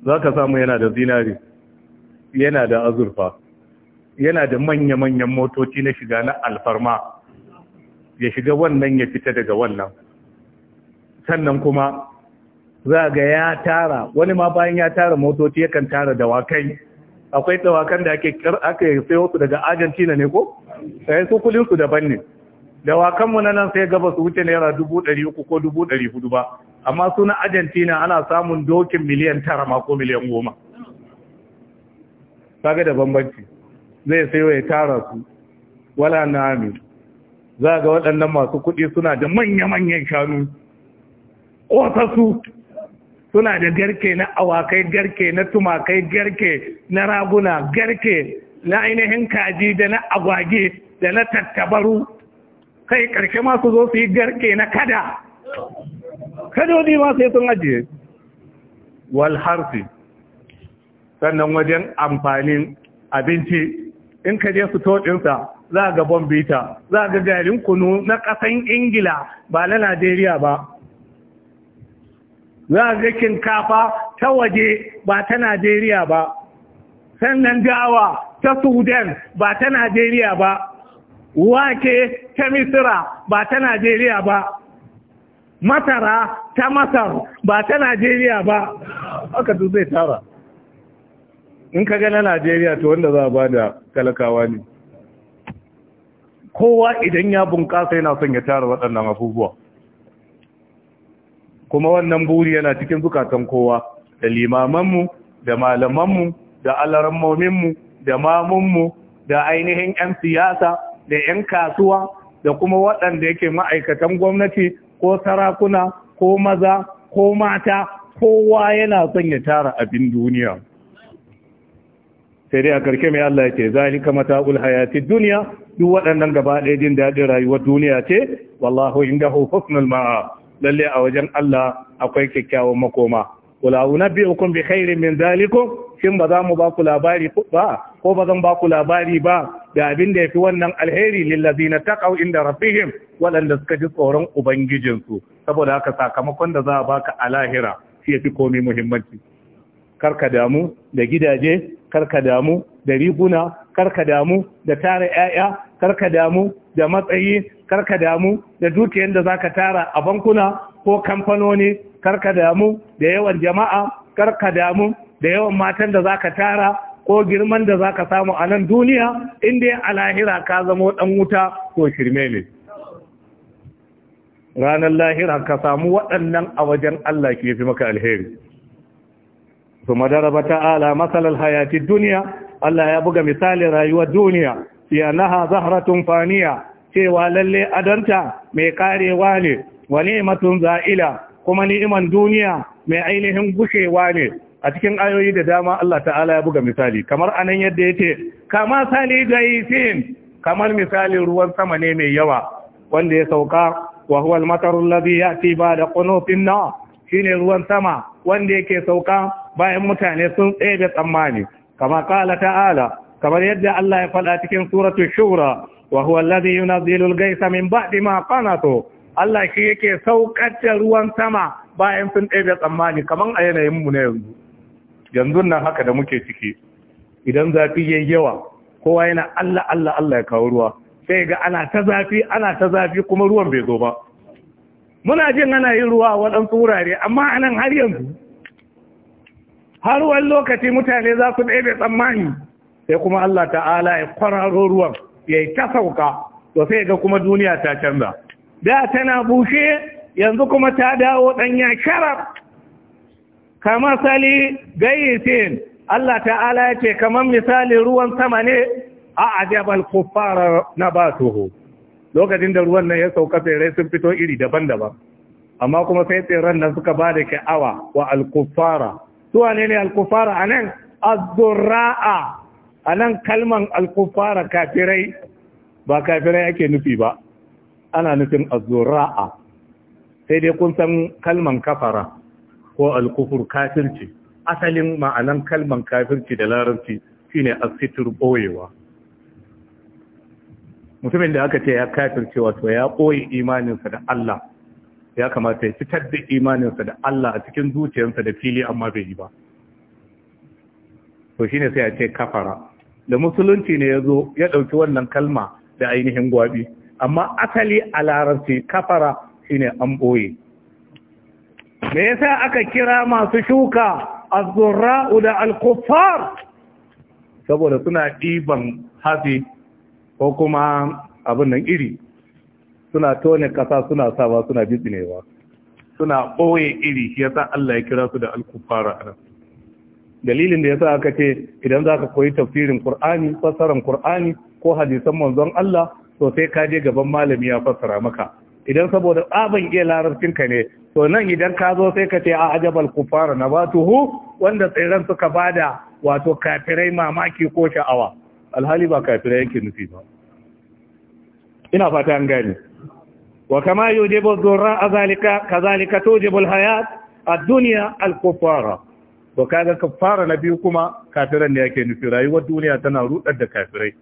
za ka samu yana da zinari yana da azurfa yana da manya-manyan motoci na shiga na alfarma ya shiga wannan ya fita daga wannan sannan kuma za ga ya tara wani ma bayan ya tara motoci yakan tara dawakai akwai dawakan da ake aka sai wasu daga Argentina ne ko sai eh, su kulin su daban ne dawakan mu nan sai gaba su wuce naira 300 ko 400 ba amma su na Argentina ana samun dokin miliyan 9 ma ko miliyan 10 kaga da bambanci zai sai ya tara su wala nami za ga waɗannan masu kuɗi suna da manya-manyan shanu su. suna da garke na awakai garke na tumakai garke na raguna garke na ainihin kaji da na agwage da na tattabaru kai karshe ma su zo su yi garke na kada kadodi ma sai sun ajiye wal sannan wajen amfanin abinci in ka je su toɗinsa za ga bombita za ga garin kunu na ƙasan ingila ba na najeriya ba za a ga shinkafa ta waje ba ta Najeriya ba sannan dawa ta Sudan ba ta Najeriya ba wake ta Misira ba ta Najeriya ba masara ta Masar ba ta Najeriya ba aka duk zai tara in ka gana Najeriya to wanda za a ba da talakawa ne kowa idan ya bunƙasa yana son ya tara waɗannan abubuwa kuma wannan buri yana cikin zukatan kowa da limamanmu da malamanmu da alarammominmu da mamunmu da ainihin 'yan siyasa da 'yan kasuwa da kuma waɗanda yake ma'aikatan gwamnati ko sarakuna ko maza ko mata kowa yana son ya tara abin duniya sai dai a karke mai Allah yake zalika mata'ul hayati duniya duk waɗannan gaba ɗaya jin daɗin rayuwar duniya ce wallahu indahu husnul ma'a lalle a wajen Allah akwai kyakkyawan makoma kula unabbi'ukum bi khairin min zalikum shin ba za mu ba ku labari ba ko ba zan ba ku labari ba da abin da yafi wannan alheri lil ladina taqaw inda rabbihim waɗanda suka ji tsoron ubangijinsu saboda haka sakamakon da za a baka a lahira shi fi komai muhimmanci karka damu da gidaje karka damu da riguna karka damu da tara 'ya'ya karka damu da matsayi karka damu da dukiyar da zaka tara a bankuna ko kamfanoni karka damu da yawan jama'a karka damu da yawan matan da zaka tara ko girman da zaka samu a nan duniya in dai a lahira ka zamo dan wuta ko shirme ne ranar lahira ka samu waɗannan a wajen Allah ke fi maka alheri su madaraba ta'ala matsalar hayati duniya Allah ya buga misali rayuwar duniya ya naha zahratun faniya cewa lalle adanta mai karewa ne wa ni'matun za'ila kuma ni'iman duniya mai ainihin gushewa ne a cikin ayoyi da dama Allah ta'ala ya buga misali kamar anan yadda yace kama sali gaisin kamar misalin ruwan sama ne mai yawa wanda ya sauka wa huwa al-mataru alladhi ya'ti ba'da qunufin na shine ruwan sama wanda yake sauka bayan mutane sun tsaye da tsammani kama qala ta'ala kamar yadda Allah ya faɗa cikin suratul shura wa huwa alladhi yunazzilu al min ba'di ma to. Allah shi yake saukar ruwan sama bayan sun ɗebe tsammani kaman a yanayin mu na yanzu yanzu nan haka da muke ciki idan zafi yayi yawa kowa yana Allah Allah Allah ya kawo ruwa sai ga ana ta zafi ana ta zafi kuma ruwan bai zo ba muna jin ana yin ruwa waɗansu wurare amma anan har yanzu har wani lokaci mutane za su ɗebe tsammani sai kuma Allah ta'ala ya kwararo ruwan ya yi ta sauka to sai ga kuma duniya ta canza da tana bushe yanzu kuma ta dawo ɗanya sharaf kama sali gayyatin Allah ta'ala ya ce kamar misali ruwan sama ne a ajabal kufara na basuhu lokacin da ruwan nan ya sauka tsirrai sun fito iri daban-daban amma kuma sai tseren nan suka ba da sha'awa wa alkufara su ne ne alkufara a nan azzurra'a a nan kalman alkufara kafirai ba kafirai ake nufi ba ana nufin azura'a sai dai kun san kalman kafara ko alkufur kafirci asalin ma'anan kalman kafirci da larabci shine asitur boyewa mutumin da aka ce ya kafirce wato ya boye imaninsa da Allah ya kamata ya fitar da imaninsa da Allah a cikin zuciyarsa da fili amma bai yi ba to shine sai a ce kafara da musulunci ne ya zo ya ɗauki wannan kalma da ainihin gwabi amma asali a larabci kafara shine an ɓoye me yasa aka kira masu shuka azurra'u da alkufar saboda suna ɗiban hafi ko kuma abin nan iri suna tone kasa suna sawa suna bitsinewa suna ɓoye iri shi yasa Allah ya kira su da alkufar a nan dalilin da yasa aka ce idan za ka koyi tafsirin Qur'ani fassaran Qur'ani ko hadisan manzon Allah to sai ka je gaban malami ya fassara maka idan saboda tsaban iya larabcin ka ne to nan idan ka zo sai ka ce a ajabal kufara nabatuhu wanda tsiran suka bada wato kafirai mamaki ko sha'awa alhali ba kafirai yake nufi ba ina fata an gane wa kama yujibu dhurra azalika kazalika tujibu alhayat ad-dunya al-kufara to kaga kafara na biyu kuma kafiran ne yake nufi rayuwar duniya tana rudar da kafirai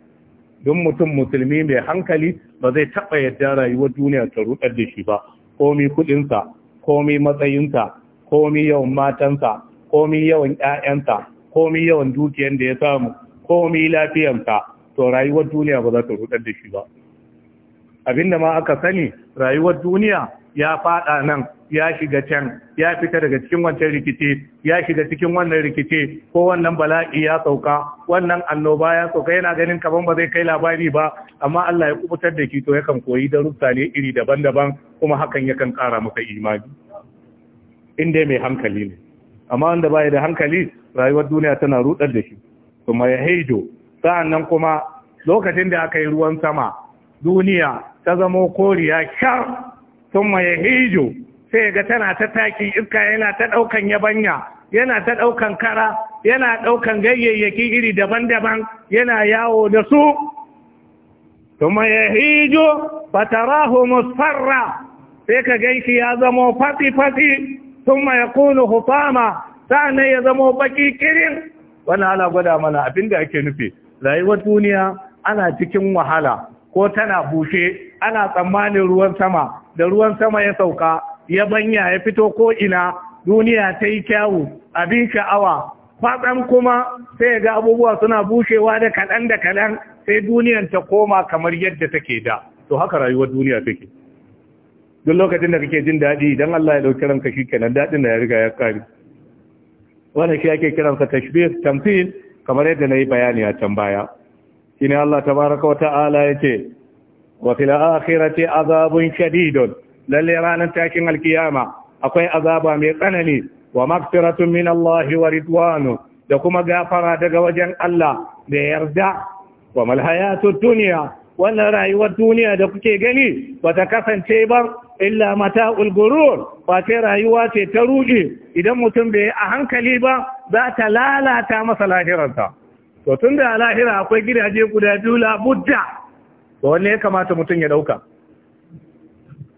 don mutum musulmi mai hankali ba zai taɓa yadda rayuwar duniya ta rudar da shi ba komi kudinsa komi matsayinsa komi yawan matansa komi yawan ƴaƴansa komi yawan dukiyar da ya samu komi lafiyarsa to rayuwar duniya ba za ta rudar da shi ba abinda ma aka sani rayuwar duniya ya fada nan ya shiga can ya fita daga cikin wancan rikici ya shiga cikin wannan rikici ko wannan bala'i ya sauka wannan annoba ya sauka yana ganin kaman ba zai kai labari ba amma Allah ya kubutar da ki to yakan koyi darussa ne iri daban-daban kuma hakan yakan kara masa imani in mai hankali ne amma wanda bai da hankali rayuwar duniya tana rudar da shi kuma ya haido sa'annan kuma lokacin da aka yi ruwan sama duniya ta zamo koriya shar thumma yahiju sai ga tana ta taki iska yana ta daukan yabanya yana ta daukan kara yana daukan gayyayyaki iri daban-daban yana yawo da su thumma yahiju fatarahu musfarra sai ka ganshi ya zamo fati-fati thumma yakunu hutama sa'annan ya zamo baki kirin wannan ana gwada mana abinda ake nufi rayuwar duniya ana cikin wahala ko tana bushe ana tsammanin ruwan sama da ruwan sama ya sauka ya banya ya fito ko ina duniya ta yi kyawu abin sha'awa faɗan kuma sai ga abubuwa suna bushewa da kaɗan da kaɗan sai duniyan ta koma kamar yadda take da to haka rayuwar duniya take duk lokacin da kake jin daɗi idan Allah ya ɗauki ranka shi kenan daɗin da ya riga ya kare wannan shi ake kiransa tashbih tamthil kamar yadda na yi bayani a can baya shine Allah tabaraka wa ya ce. wa fil ce azabun shadidun Lallai ranar takin alkiyama akwai azaba mai tsanani wa magfiratun min Allah wa ridwanu da kuma gafara daga wajen Allah da yarda wa mal wannan rayuwar duniya da kuke gani bata kasance ba illa mata'ul gurur ba sai rayuwa ce ta ruɗe idan mutum bai yi a hankali ba za ta lalata masa lahirarsa to tunda a lahira akwai gidaje guda biyu labudda to wanne ya kamata mutum ya dauka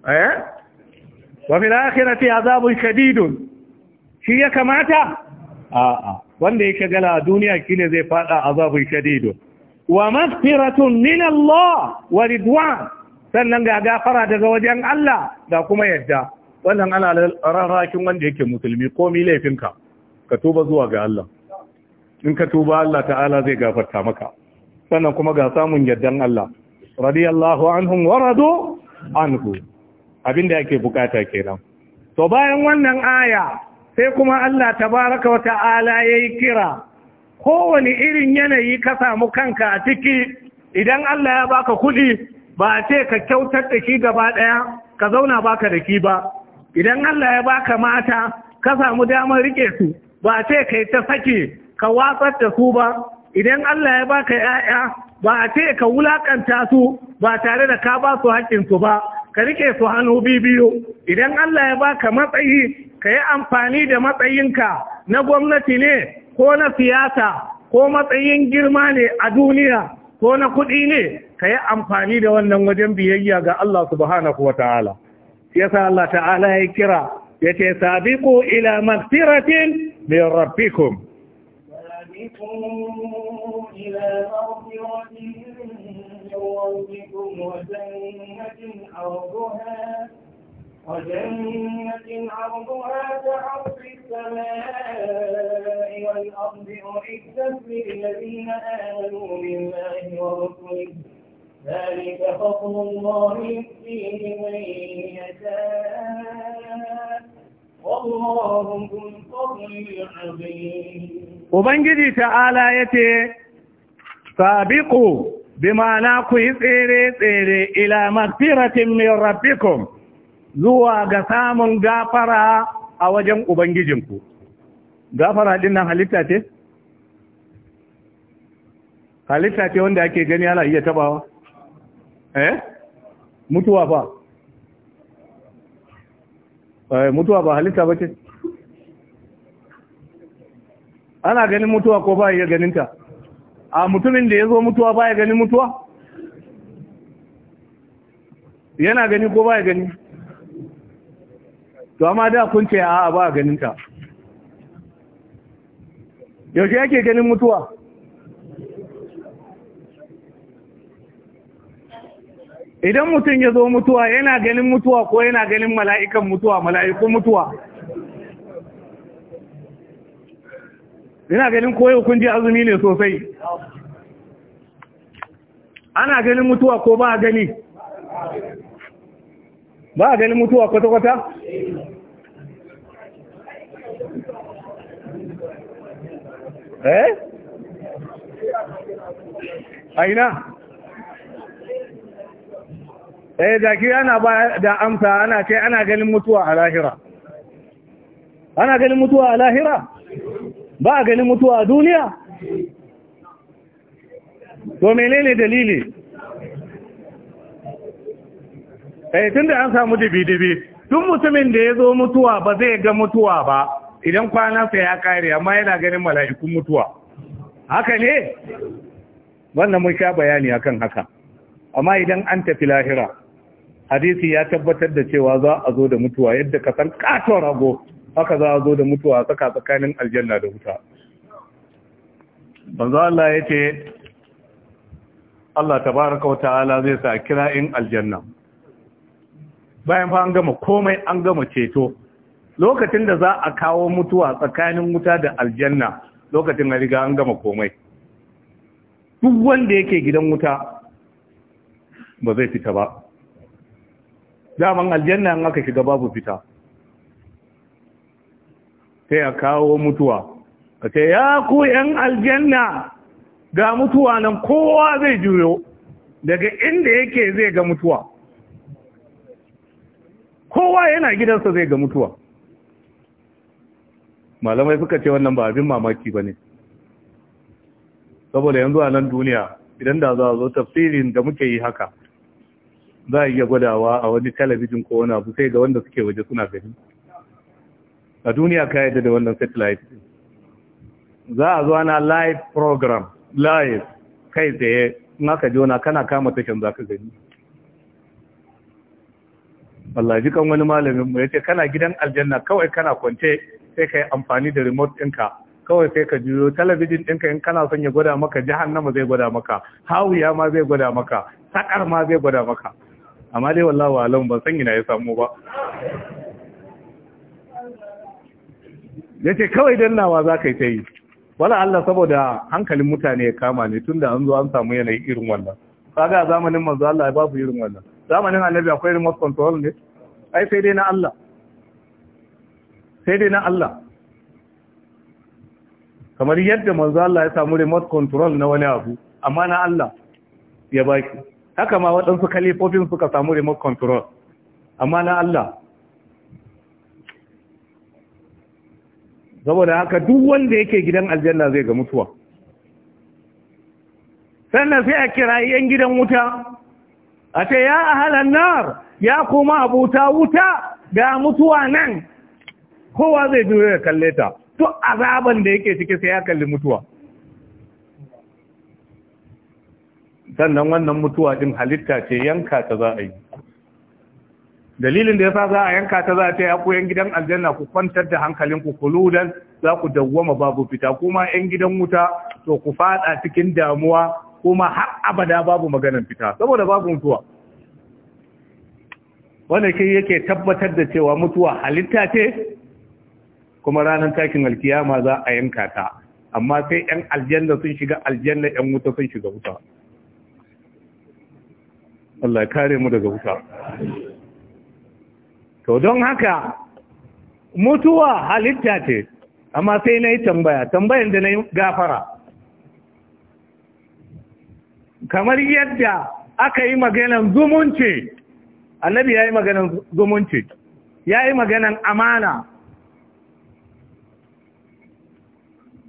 eh wa fil akhirati azabun shadidun shi ya kamata a'a wanda ya gala a duniya shine zai fada azabun shadidun wa maghfiratun min Allah wa ridwan sannan ga gafara daga wajen Allah da kuma yadda wannan ana rarrakin wanda yake musulmi komi laifinka ka tuba zuwa ga Allah in ka tuba Allah ta'ala zai gafarta maka sannan kuma ga samun yaddan Allah radiyallahu anhum waradu anhu abinda yake bukata kenan to bayan wannan aya sai kuma Allah tabaraka wa ta'ala yayi kira kowane irin yanayi ka samu kanka a ciki idan Allah ya baka kudi ba a ce ka kyautar da shi gaba ɗaya ka zauna baka da ki ba idan Allah ya baka mata ka samu damar rike su ba a ce kai ta sake ka watsar da su ba idan Allah ya baka 'ya'ya ba a ce ka wulaƙanta su ba tare da ka ba su haƙƙinsu ba ka rike su hannu biyu idan Allah ya baka matsayi ka yi amfani da matsayinka na gwamnati ne ko na siyasa ko matsayin girma ne a duniya ko na kuɗi ne ka yi amfani da wannan wajen biyayya ga Allah subhanahu wa ta'ala yasa Allah ta'ala ya kira ya ce sabiku ila magfiratin min rabbikum إلى مغفرة من ربكم وجنة عرضها وجنة عرضها كعرض السماء والأرض أعدت للذين آمنوا بالله ورسله ذلك فضل الله يؤتيه من يشاء والله ذو الفضل العظيم وبنجدي تعالى يتي bi ma'ana ku yi tsere-tsere ila magfiratin mai rafikun zuwa ga samun gafara a wajen ubangijinku gafara din nan halitta ce halitta ce wanda ake gani ala iya tabawa eh mutuwa ba eh mutuwa ba halitta ba ce ana ganin mutuwa ko ba iya ganinta a mutumin da ya zo mutuwa ba ya gani mutuwa yana gani ko ba ya gani to amma da kun ce a'a ba a ganinta yaushe yake ganin mutuwa idan mutum ya zo mutuwa yana ganin mutuwa ko yana ganin mala'ikan mutuwa mala'ikun mutuwa ina ganin koyo kun ji azumi ne sosai ana ganin mutuwa ko ba a gani ba a ganin mutuwa kwata-kwata eh aina eh da ki ana ba da amsa ana ce ana ganin mutuwa a lahira ana ganin mutuwa a lahira ba a ganin mutuwa a duniya to menene dalili eh tun da an samu dibi-dibi tun mutumin da ya zo mutuwa ba zai ga mutuwa ba idan kwanansa ya kare amma yana ganin mala'ikun mutuwa haka ne wannan mun sha bayani kan haka amma idan an tafi lahira hadisi ya tabbatar da cewa za a zo da mutuwa yadda kasar katon rago haka za a zo da mutuwa tsaka tsakanin aljanna da wuta banzu Allah ya ce Allah tabaraka wa ta'ala zai sa kira in aljanna bayan fa an gama komai an gama ceto lokacin da za a kawo mutuwa tsakanin wuta da aljanna lokacin na riga an gama komai duk wanda yake gidan wuta ba zai fita ba daman aljanna an aka shiga babu fita sai a kawo mutuwa a ce ya ku ‘yan aljanna ga mutuwa nan kowa zai juyo daga inda yake zai ga mutuwa kowa yana gidansa zai ga mutuwa malamai suka ce wannan ba abin mamaki ba ne saboda yanzu a nan duniya idan da za a zo tafsirin da muke yi haka za a iya gwadawa a wani talabijin ko wani abu sai ga wanda suke waje suna gani a duniya ka yadda da wannan satellite za a zuwa na live program live kai tsaye naka jona kana kama tashin za ka gani Allah ji kan wani malamin mu yace kana gidan aljanna kawai kana kwance sai kai amfani da remote ɗinka kawai sai ka juyo talabijin ɗinka in kana son ya gwada maka jahannama zai gwada maka hawiya ma zai gwada maka sakar ma zai gwada maka amma dai wallahi alam ban san ina ya samu ba ya ce kawai dannawa za ka yi ta yi wala Allah saboda hankalin mutane ya kama ne tun da an zo an samu yanayi irin wannan kaga a zamanin manzo Allah ba su irin wannan zamanin annabi akwai irin wasu control ne ai sai dai na Allah sai dai na Allah kamar yadda manzo Allah ya samu remote control na wani abu amma na Allah ya baki haka ma waɗansu kalifofin suka samu remote control amma na Allah saboda haka duk wanda yake gidan aljanna zai ga mutuwa sannan sai a kira yan gidan wuta a ce ya ahalan nar ya kuma abuta wuta ga mutuwa nan kowa zai juyo da kalle ta duk azaban da yake cike sai ya kalli mutuwa sannan wannan mutuwa din halitta ce yanka ta za a yi dalilin da yasa za a yanka ta za ta yi 'yan gidan aljanna ku kwantar da hankalinku kuludan za ku dawwama babu fita kuma yan gidan wuta to ku fada cikin damuwa kuma har abada babu maganan fita saboda babu mutuwa wannan shi yake tabbatar da cewa mutuwa halitta ce kuma ranar takin alkiyama za a yanka ta amma sai yan aljanna sun shiga aljanna yan wuta sun shiga wuta Allah ya kare mu daga wuta to don haka mutuwa halitta ce amma sai na yi tambaya tambayan da na yi gafara kamar yadda aka yi maganan zumunci annabi ya yi maganan zumunci ya yi maganan amana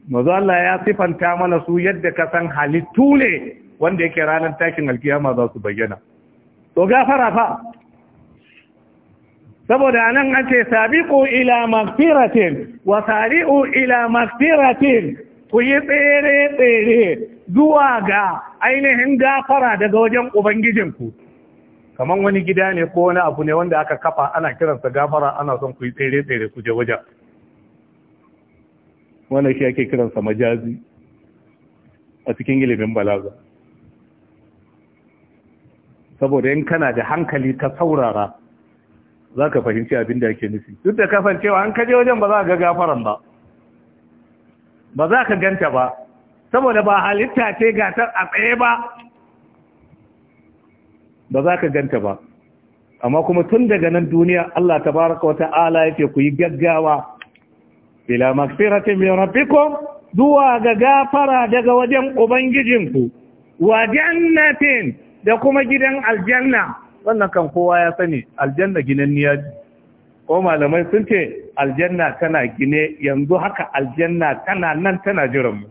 mazu Allah ya sifanta mana su yadda ka san halittu ne wanda yake ranar takin alkiyama za su bayyana to gafara fa saboda nan an ce sabiqu ila magfiratin wa sari'u ila magfiratin ku yi tsere tsere zuwa ga ainihin gafara daga wajen ubangijinku kamar wani gida ne ko wani abu ne wanda aka kafa ana kiransa gafara ana son ku yi tsere tsere ku je wajen wannan shi ake kiransa majazi a cikin ilimin balaga saboda in kana da hankali ka saurara za ka fahimci abin da yake nufi duk da kasancewa an kaje wajen ba za ka ga gafaran ba ba za ka ganta ba saboda ba halitta ce gatar a tsaye ba ba za ka ganta ba amma kuma tun daga nan duniya Allah ta tabaraka wata'ala yake ku yi gaggawa ila magfiratin min rabbikum zuwa ga gafara daga wajen ubangijinku wa jannatin da kuma gidan aljanna wannan kan kowa ya sani aljanna ginanniya ce ko malamai sun ce aljanna tana gine yanzu haka aljanna tana nan tana jiran mu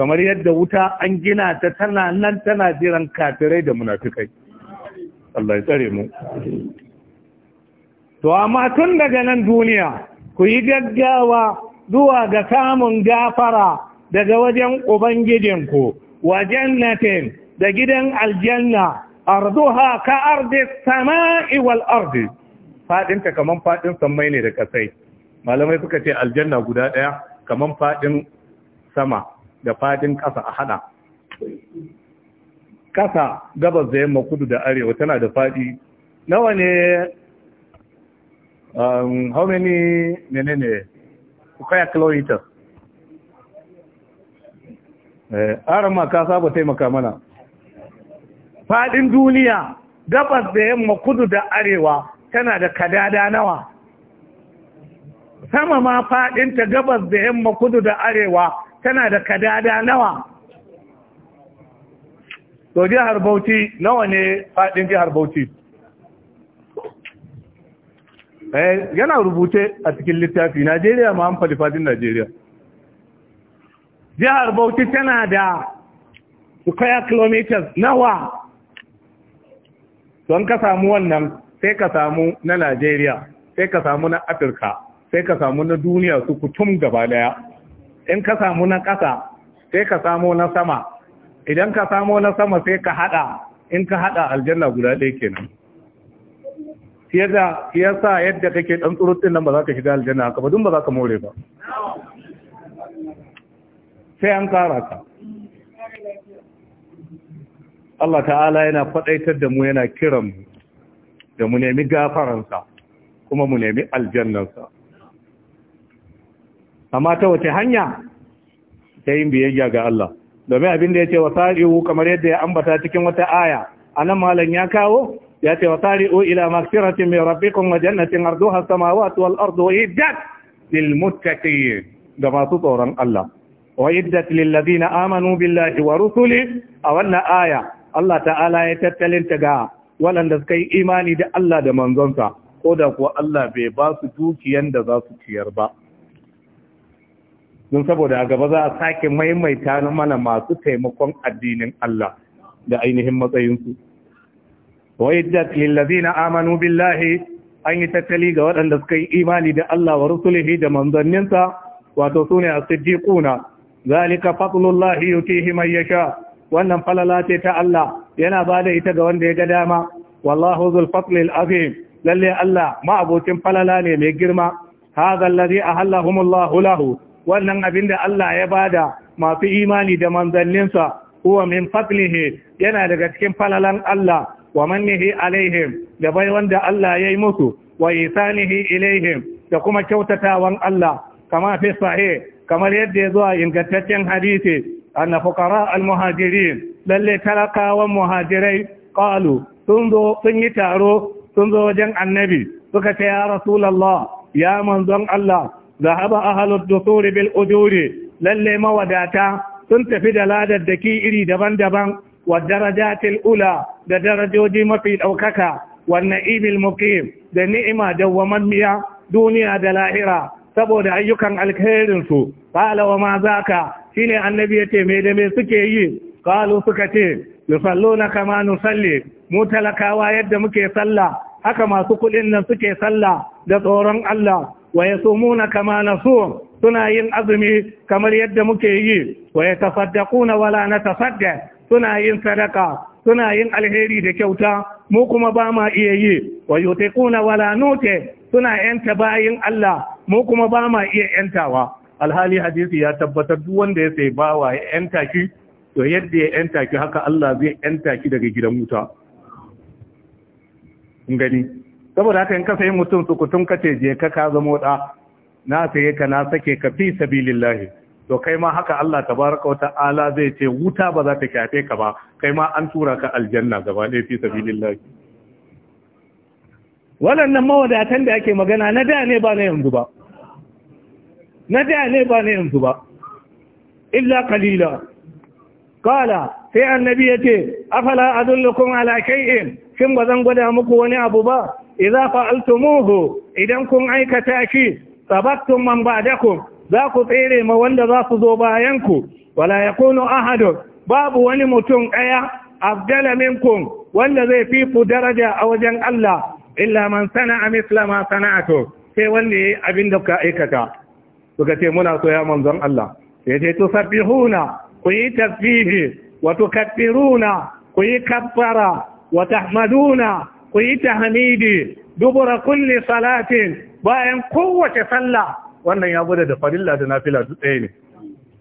kamar yadda wuta an gina ta tana nan tana jiran katirai da munafikai Allah ya tsare mu to amma tun daga nan duniya ku yi gaggawa zuwa ga samun gafara daga wajen ubangijinku wajen natin, da gidan aljanna arduha ka ardi sama'i wal ardi fadinta kaman fadin samai ne da kasai malamai suka ce aljanna guda daya kaman fadin sama da fadin kasa a hada kasa gabas da yamma kudu da arewa tana da fadi nawa ne um, how many menene kaya kilometers eh arama ka saba taimaka mana faɗin duniya gabas da yamma kudu da arewa tana da kadada nawa sama ma faɗinta gabas da yamma kudu da arewa tana da kadada nawa to jihar bauchi nawa ne faɗin jihar bauchi eh, yana rubuce a cikin littafi najeriya ma an faɗi faɗin najeriya jihar bauchi tana da square kilometers nawa don ka samu wannan sai ka samu na Najeriya sai ka samu na Afirka sai ka samu na duniya su kutum gaba daya in ka samu na ƙasa sai ka samu na sama idan ka samu na sama sai ka hada in ka hada aljanna guda ɗaya kenan yadda yasa yadda kake dan tsurutsin nan ba za ka shiga aljanna haka ba dun ba za ka more ba sai an kara ka Allah ta'ala yana faɗaitar da mu yana kiran mu da mu nemi gafaransa kuma mu nemi aljannansa amma ta wace hanya ta yin biyayya ga Allah domin abin da ya ce wasari'u kamar yadda ya ambata cikin wata aya anan malam ya kawo ya ce wasari'u ila magfiratin min rabbikum wa jannatin arduha samawati wal ardu iddat lil ga masu tsoron Allah wa iddat lil na amanu billahi wa rusuli a wannan aya Allah ta'ala ya tattalin ta ga waɗanda suka yi imani da Allah da manzonsa ko da kuwa Allah bai ba su dukiyan da za su ciyar ba don saboda a gaba za a sake maimaita mana masu taimakon addinin Allah da ainihin matsayinsu wa iddat lillazina amanu billahi an yi tattali ga waɗanda suka yi imani da Allah wa rusulihi da manzanninsa wato sune a siddiquna zalika fadlullahi yutihi man yasha wannan falala ce ta Allah yana ba da ita ga wanda ya ga dama wallahu zul fadlil azim lalle Allah ma abokin falala ne mai girma hadha allazi ahallahumullahu lahu wannan abinda Allah ya bada masu imani da manzanninsa huwa min fadlihi yana daga cikin falalan Allah wa mannihi alaihim da bai wanda Allah ya yi musu wa isanihi ilaihim da kuma kyautatawan Allah kama fi sahih kamar yadda ya zuwa ingantaccen hadisi أن فقراء المهاجرين للي تلقى ومهاجرين قالوا تنظر تنيتارو تنظر جن النبي فكت يا رسول الله يا منظر الله ذهب أهل الدثور بالأجور للي موداتا تنتفي دلادة دكيئري دبن دبن والدرجات الأولى درجو دي مفيد أو ككا والنئيم المقيم da ni'ima dawwamammiya duniya da lahira saboda ayyukan alkhairinsu qala wa ma zaka shi ne annabi ya ce me da mai suke yi qalu suka ce na kama nusalli mu talakawa yadda muke sallah haka masu kudin nan suke sallah da tsoron Allah wa na kama su suna yin azumi kamar yadda muke yi wa kuna wala na tafadda suna yin sadaka suna yin alheri da kyauta mu kuma ba ma iya yi wa kuna wala nute suna yanta bayin Allah mu kuma ba ma iya yantawa alhali hadisi ya tabbatar duk wanda ya sai bawa ya yanta ki to yadda ya yanta ki haka Allah zai yanta ki daga gidan wuta gani saboda haka in ka sai mutum sukutun ka ce je ka ka zama da na sai ka na sake ka fi sabilillahi to kai ma haka Allah tabaraka wa ta'ala zai ce wuta ba za ta kyafe ka ba kai ma an tura ka aljanna gaba ɗaya fi sabilillahi waɗannan mawadatan da ake magana na da ne ba na yanzu ba na da ne ba na yanzu ba illa kalila kala sai annabi ya ce afala adullukum ala shay'in shin ba zan gwada muku wani abu ba idza fa'altumuhu idan kun aikata shi sabattum man ba'dakum za ku tsere ma wanda za su zo bayan ku wala yakunu ahadun babu wani mutum ɗaya abdala minkum wanda zai fi ku daraja a wajen Allah illa man sana'a misla ma sana'atu sai wanda yayi abin da ka aikata suka ce muna so ya manzon Allah sai ce tusabbihuna ku yi tasbihi wa tukabbiruna ku yi kabbara wa tahmaduna ku yi tahmidi dubura kulli salatin bayan kowace sallah wannan ya bude da farilla da nafila duk ɗaya ne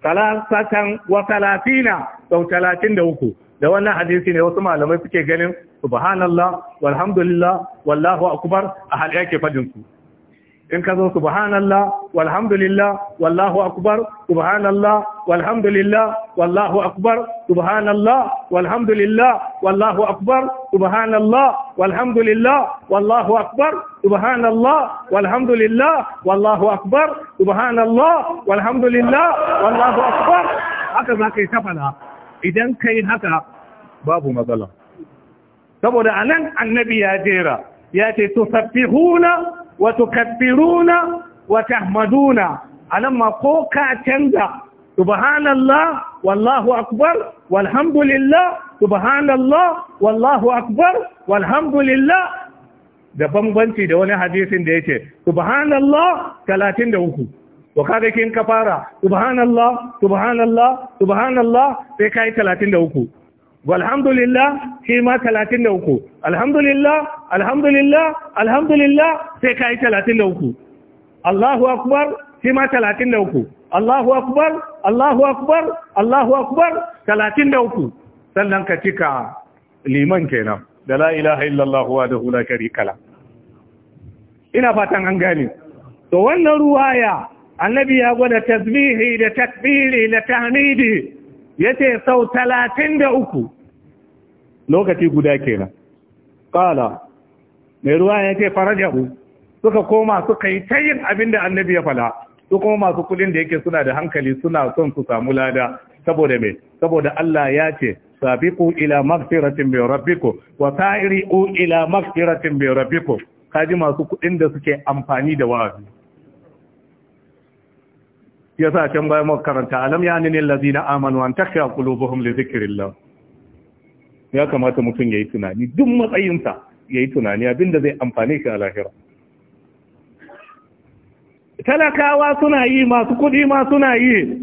salasatan wa salatina sau talatin da uku da wannan hadisi ne wasu malamai suke ganin subhanallah walhamdulillah wallahu akbar a hal yake fadin su in ka zo subhanallah walhamdulillah wallahu akbar subhanallah walhamdulillah wallahu akbar subhanallah walhamdulillah wallahu akbar subhanallah walhamdulillah wallahu akbar subhanallah walhamdulillah wallahu akbar subhanallah walhamdulillah wallahu akbar haka za ka yi tafana idan kai haka babu matsala saboda anan annabi ya jera ya ce tusabbihuna wa tukabbiruna wa tahmaduna anan ma ko ka canza subhanallah wallahu akbar walhamdulillah subhanallah wallahu akbar walhamdulillah da bambanci da wani hadisin da yake subhanallah 33 to kaga kin ka fara subhanallah subhanallah subhanallah sai kai 33 walhamdulillah shi ma talatin da uku alhamdulillah alhamdulillah alhamdulillah sai ka yi talatin da uku Allahu akbar shi ma talatin da uku Allahu akbar Allahu akbar Allahu akbar talatin da uku sannan ka cika liman kenan da la ilaha illallah wa da hula sharika la ina fatan an gani. to wannan ruwaya annabi ya gwada tasbihi da takbiri da tahmidi yace sau talatin da uku lokaci guda kenan qala mai ruwa yace farajahu suka koma suka yi ta yin abin da annabi ya fala su kuma masu kudin da yake suna da hankali suna son su samu lada saboda me saboda Allah ya ce sabiqu ila maghfiratin bi rabbikum wa sa'iru ila maghfiratin bi rabbikum kaji masu kudin da suke amfani da wa'azi yasa can bayan muka karanta alam ya ni allazina amanu an takhya qulubuhum li dhikrillah ya kamata mutum ya yi tunani duk matsayinsa ya yi tunani abinda zai amfani shi a lahira talakawa suna yi masu kudi ma suna yi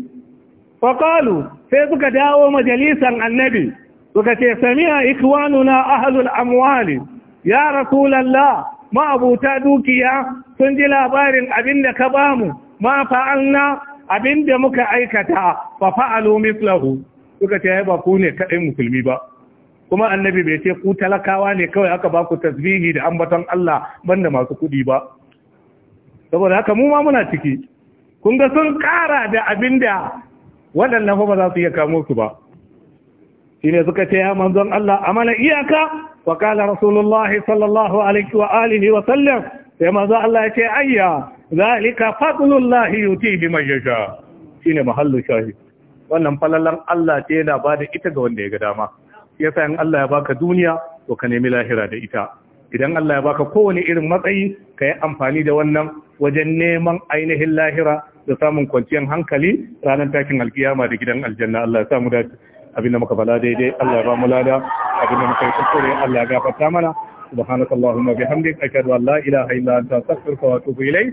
faqalu sai suka dawo majalisan annabi suka ce sami sami'a ikwanuna ahlul amwali ya rasulallah ma'abuta dukiya sun ji labarin abin da ka bamu ma fa'alna Abin da muka aikata fa fa'alu mithlahu suka ce ba ku ne kadai musulmi ba kuma annabi bai ce ku talakawa ne kawai aka ba ku tasbihi da ambaton Allah banda masu kudi ba saboda haka mu ma muna ciki kun ga sun kara da abinda waɗannan fa ba za su iya kamo su ba shine suka ce ya manzon Allah amana iyaka wa qala rasulullahi sallallahu alaihi wa alihi wa sallam sai manzon Allah ya ce ayya zalika fadlullahi yutihi man yasha shine mahallu shahid wannan falalan Allah ce yana bada ita ga wanda ya ga dama yasa in Allah ya baka duniya to ka nemi lahira da ita idan Allah ya baka kowane irin matsayi ka yi amfani da wannan wajen neman ainihin lahira da samun kwanciyar hankali ranar takin alkiyama da gidan aljanna Allah ya samu dace abinda muka bala daidai Allah ya ba mu lada abinda muka yi kuskure Allah ya gafarta mana subhanakallahumma bihamdik ashhadu an la ilaha illa anta astaghfiruka wa atubu ilayk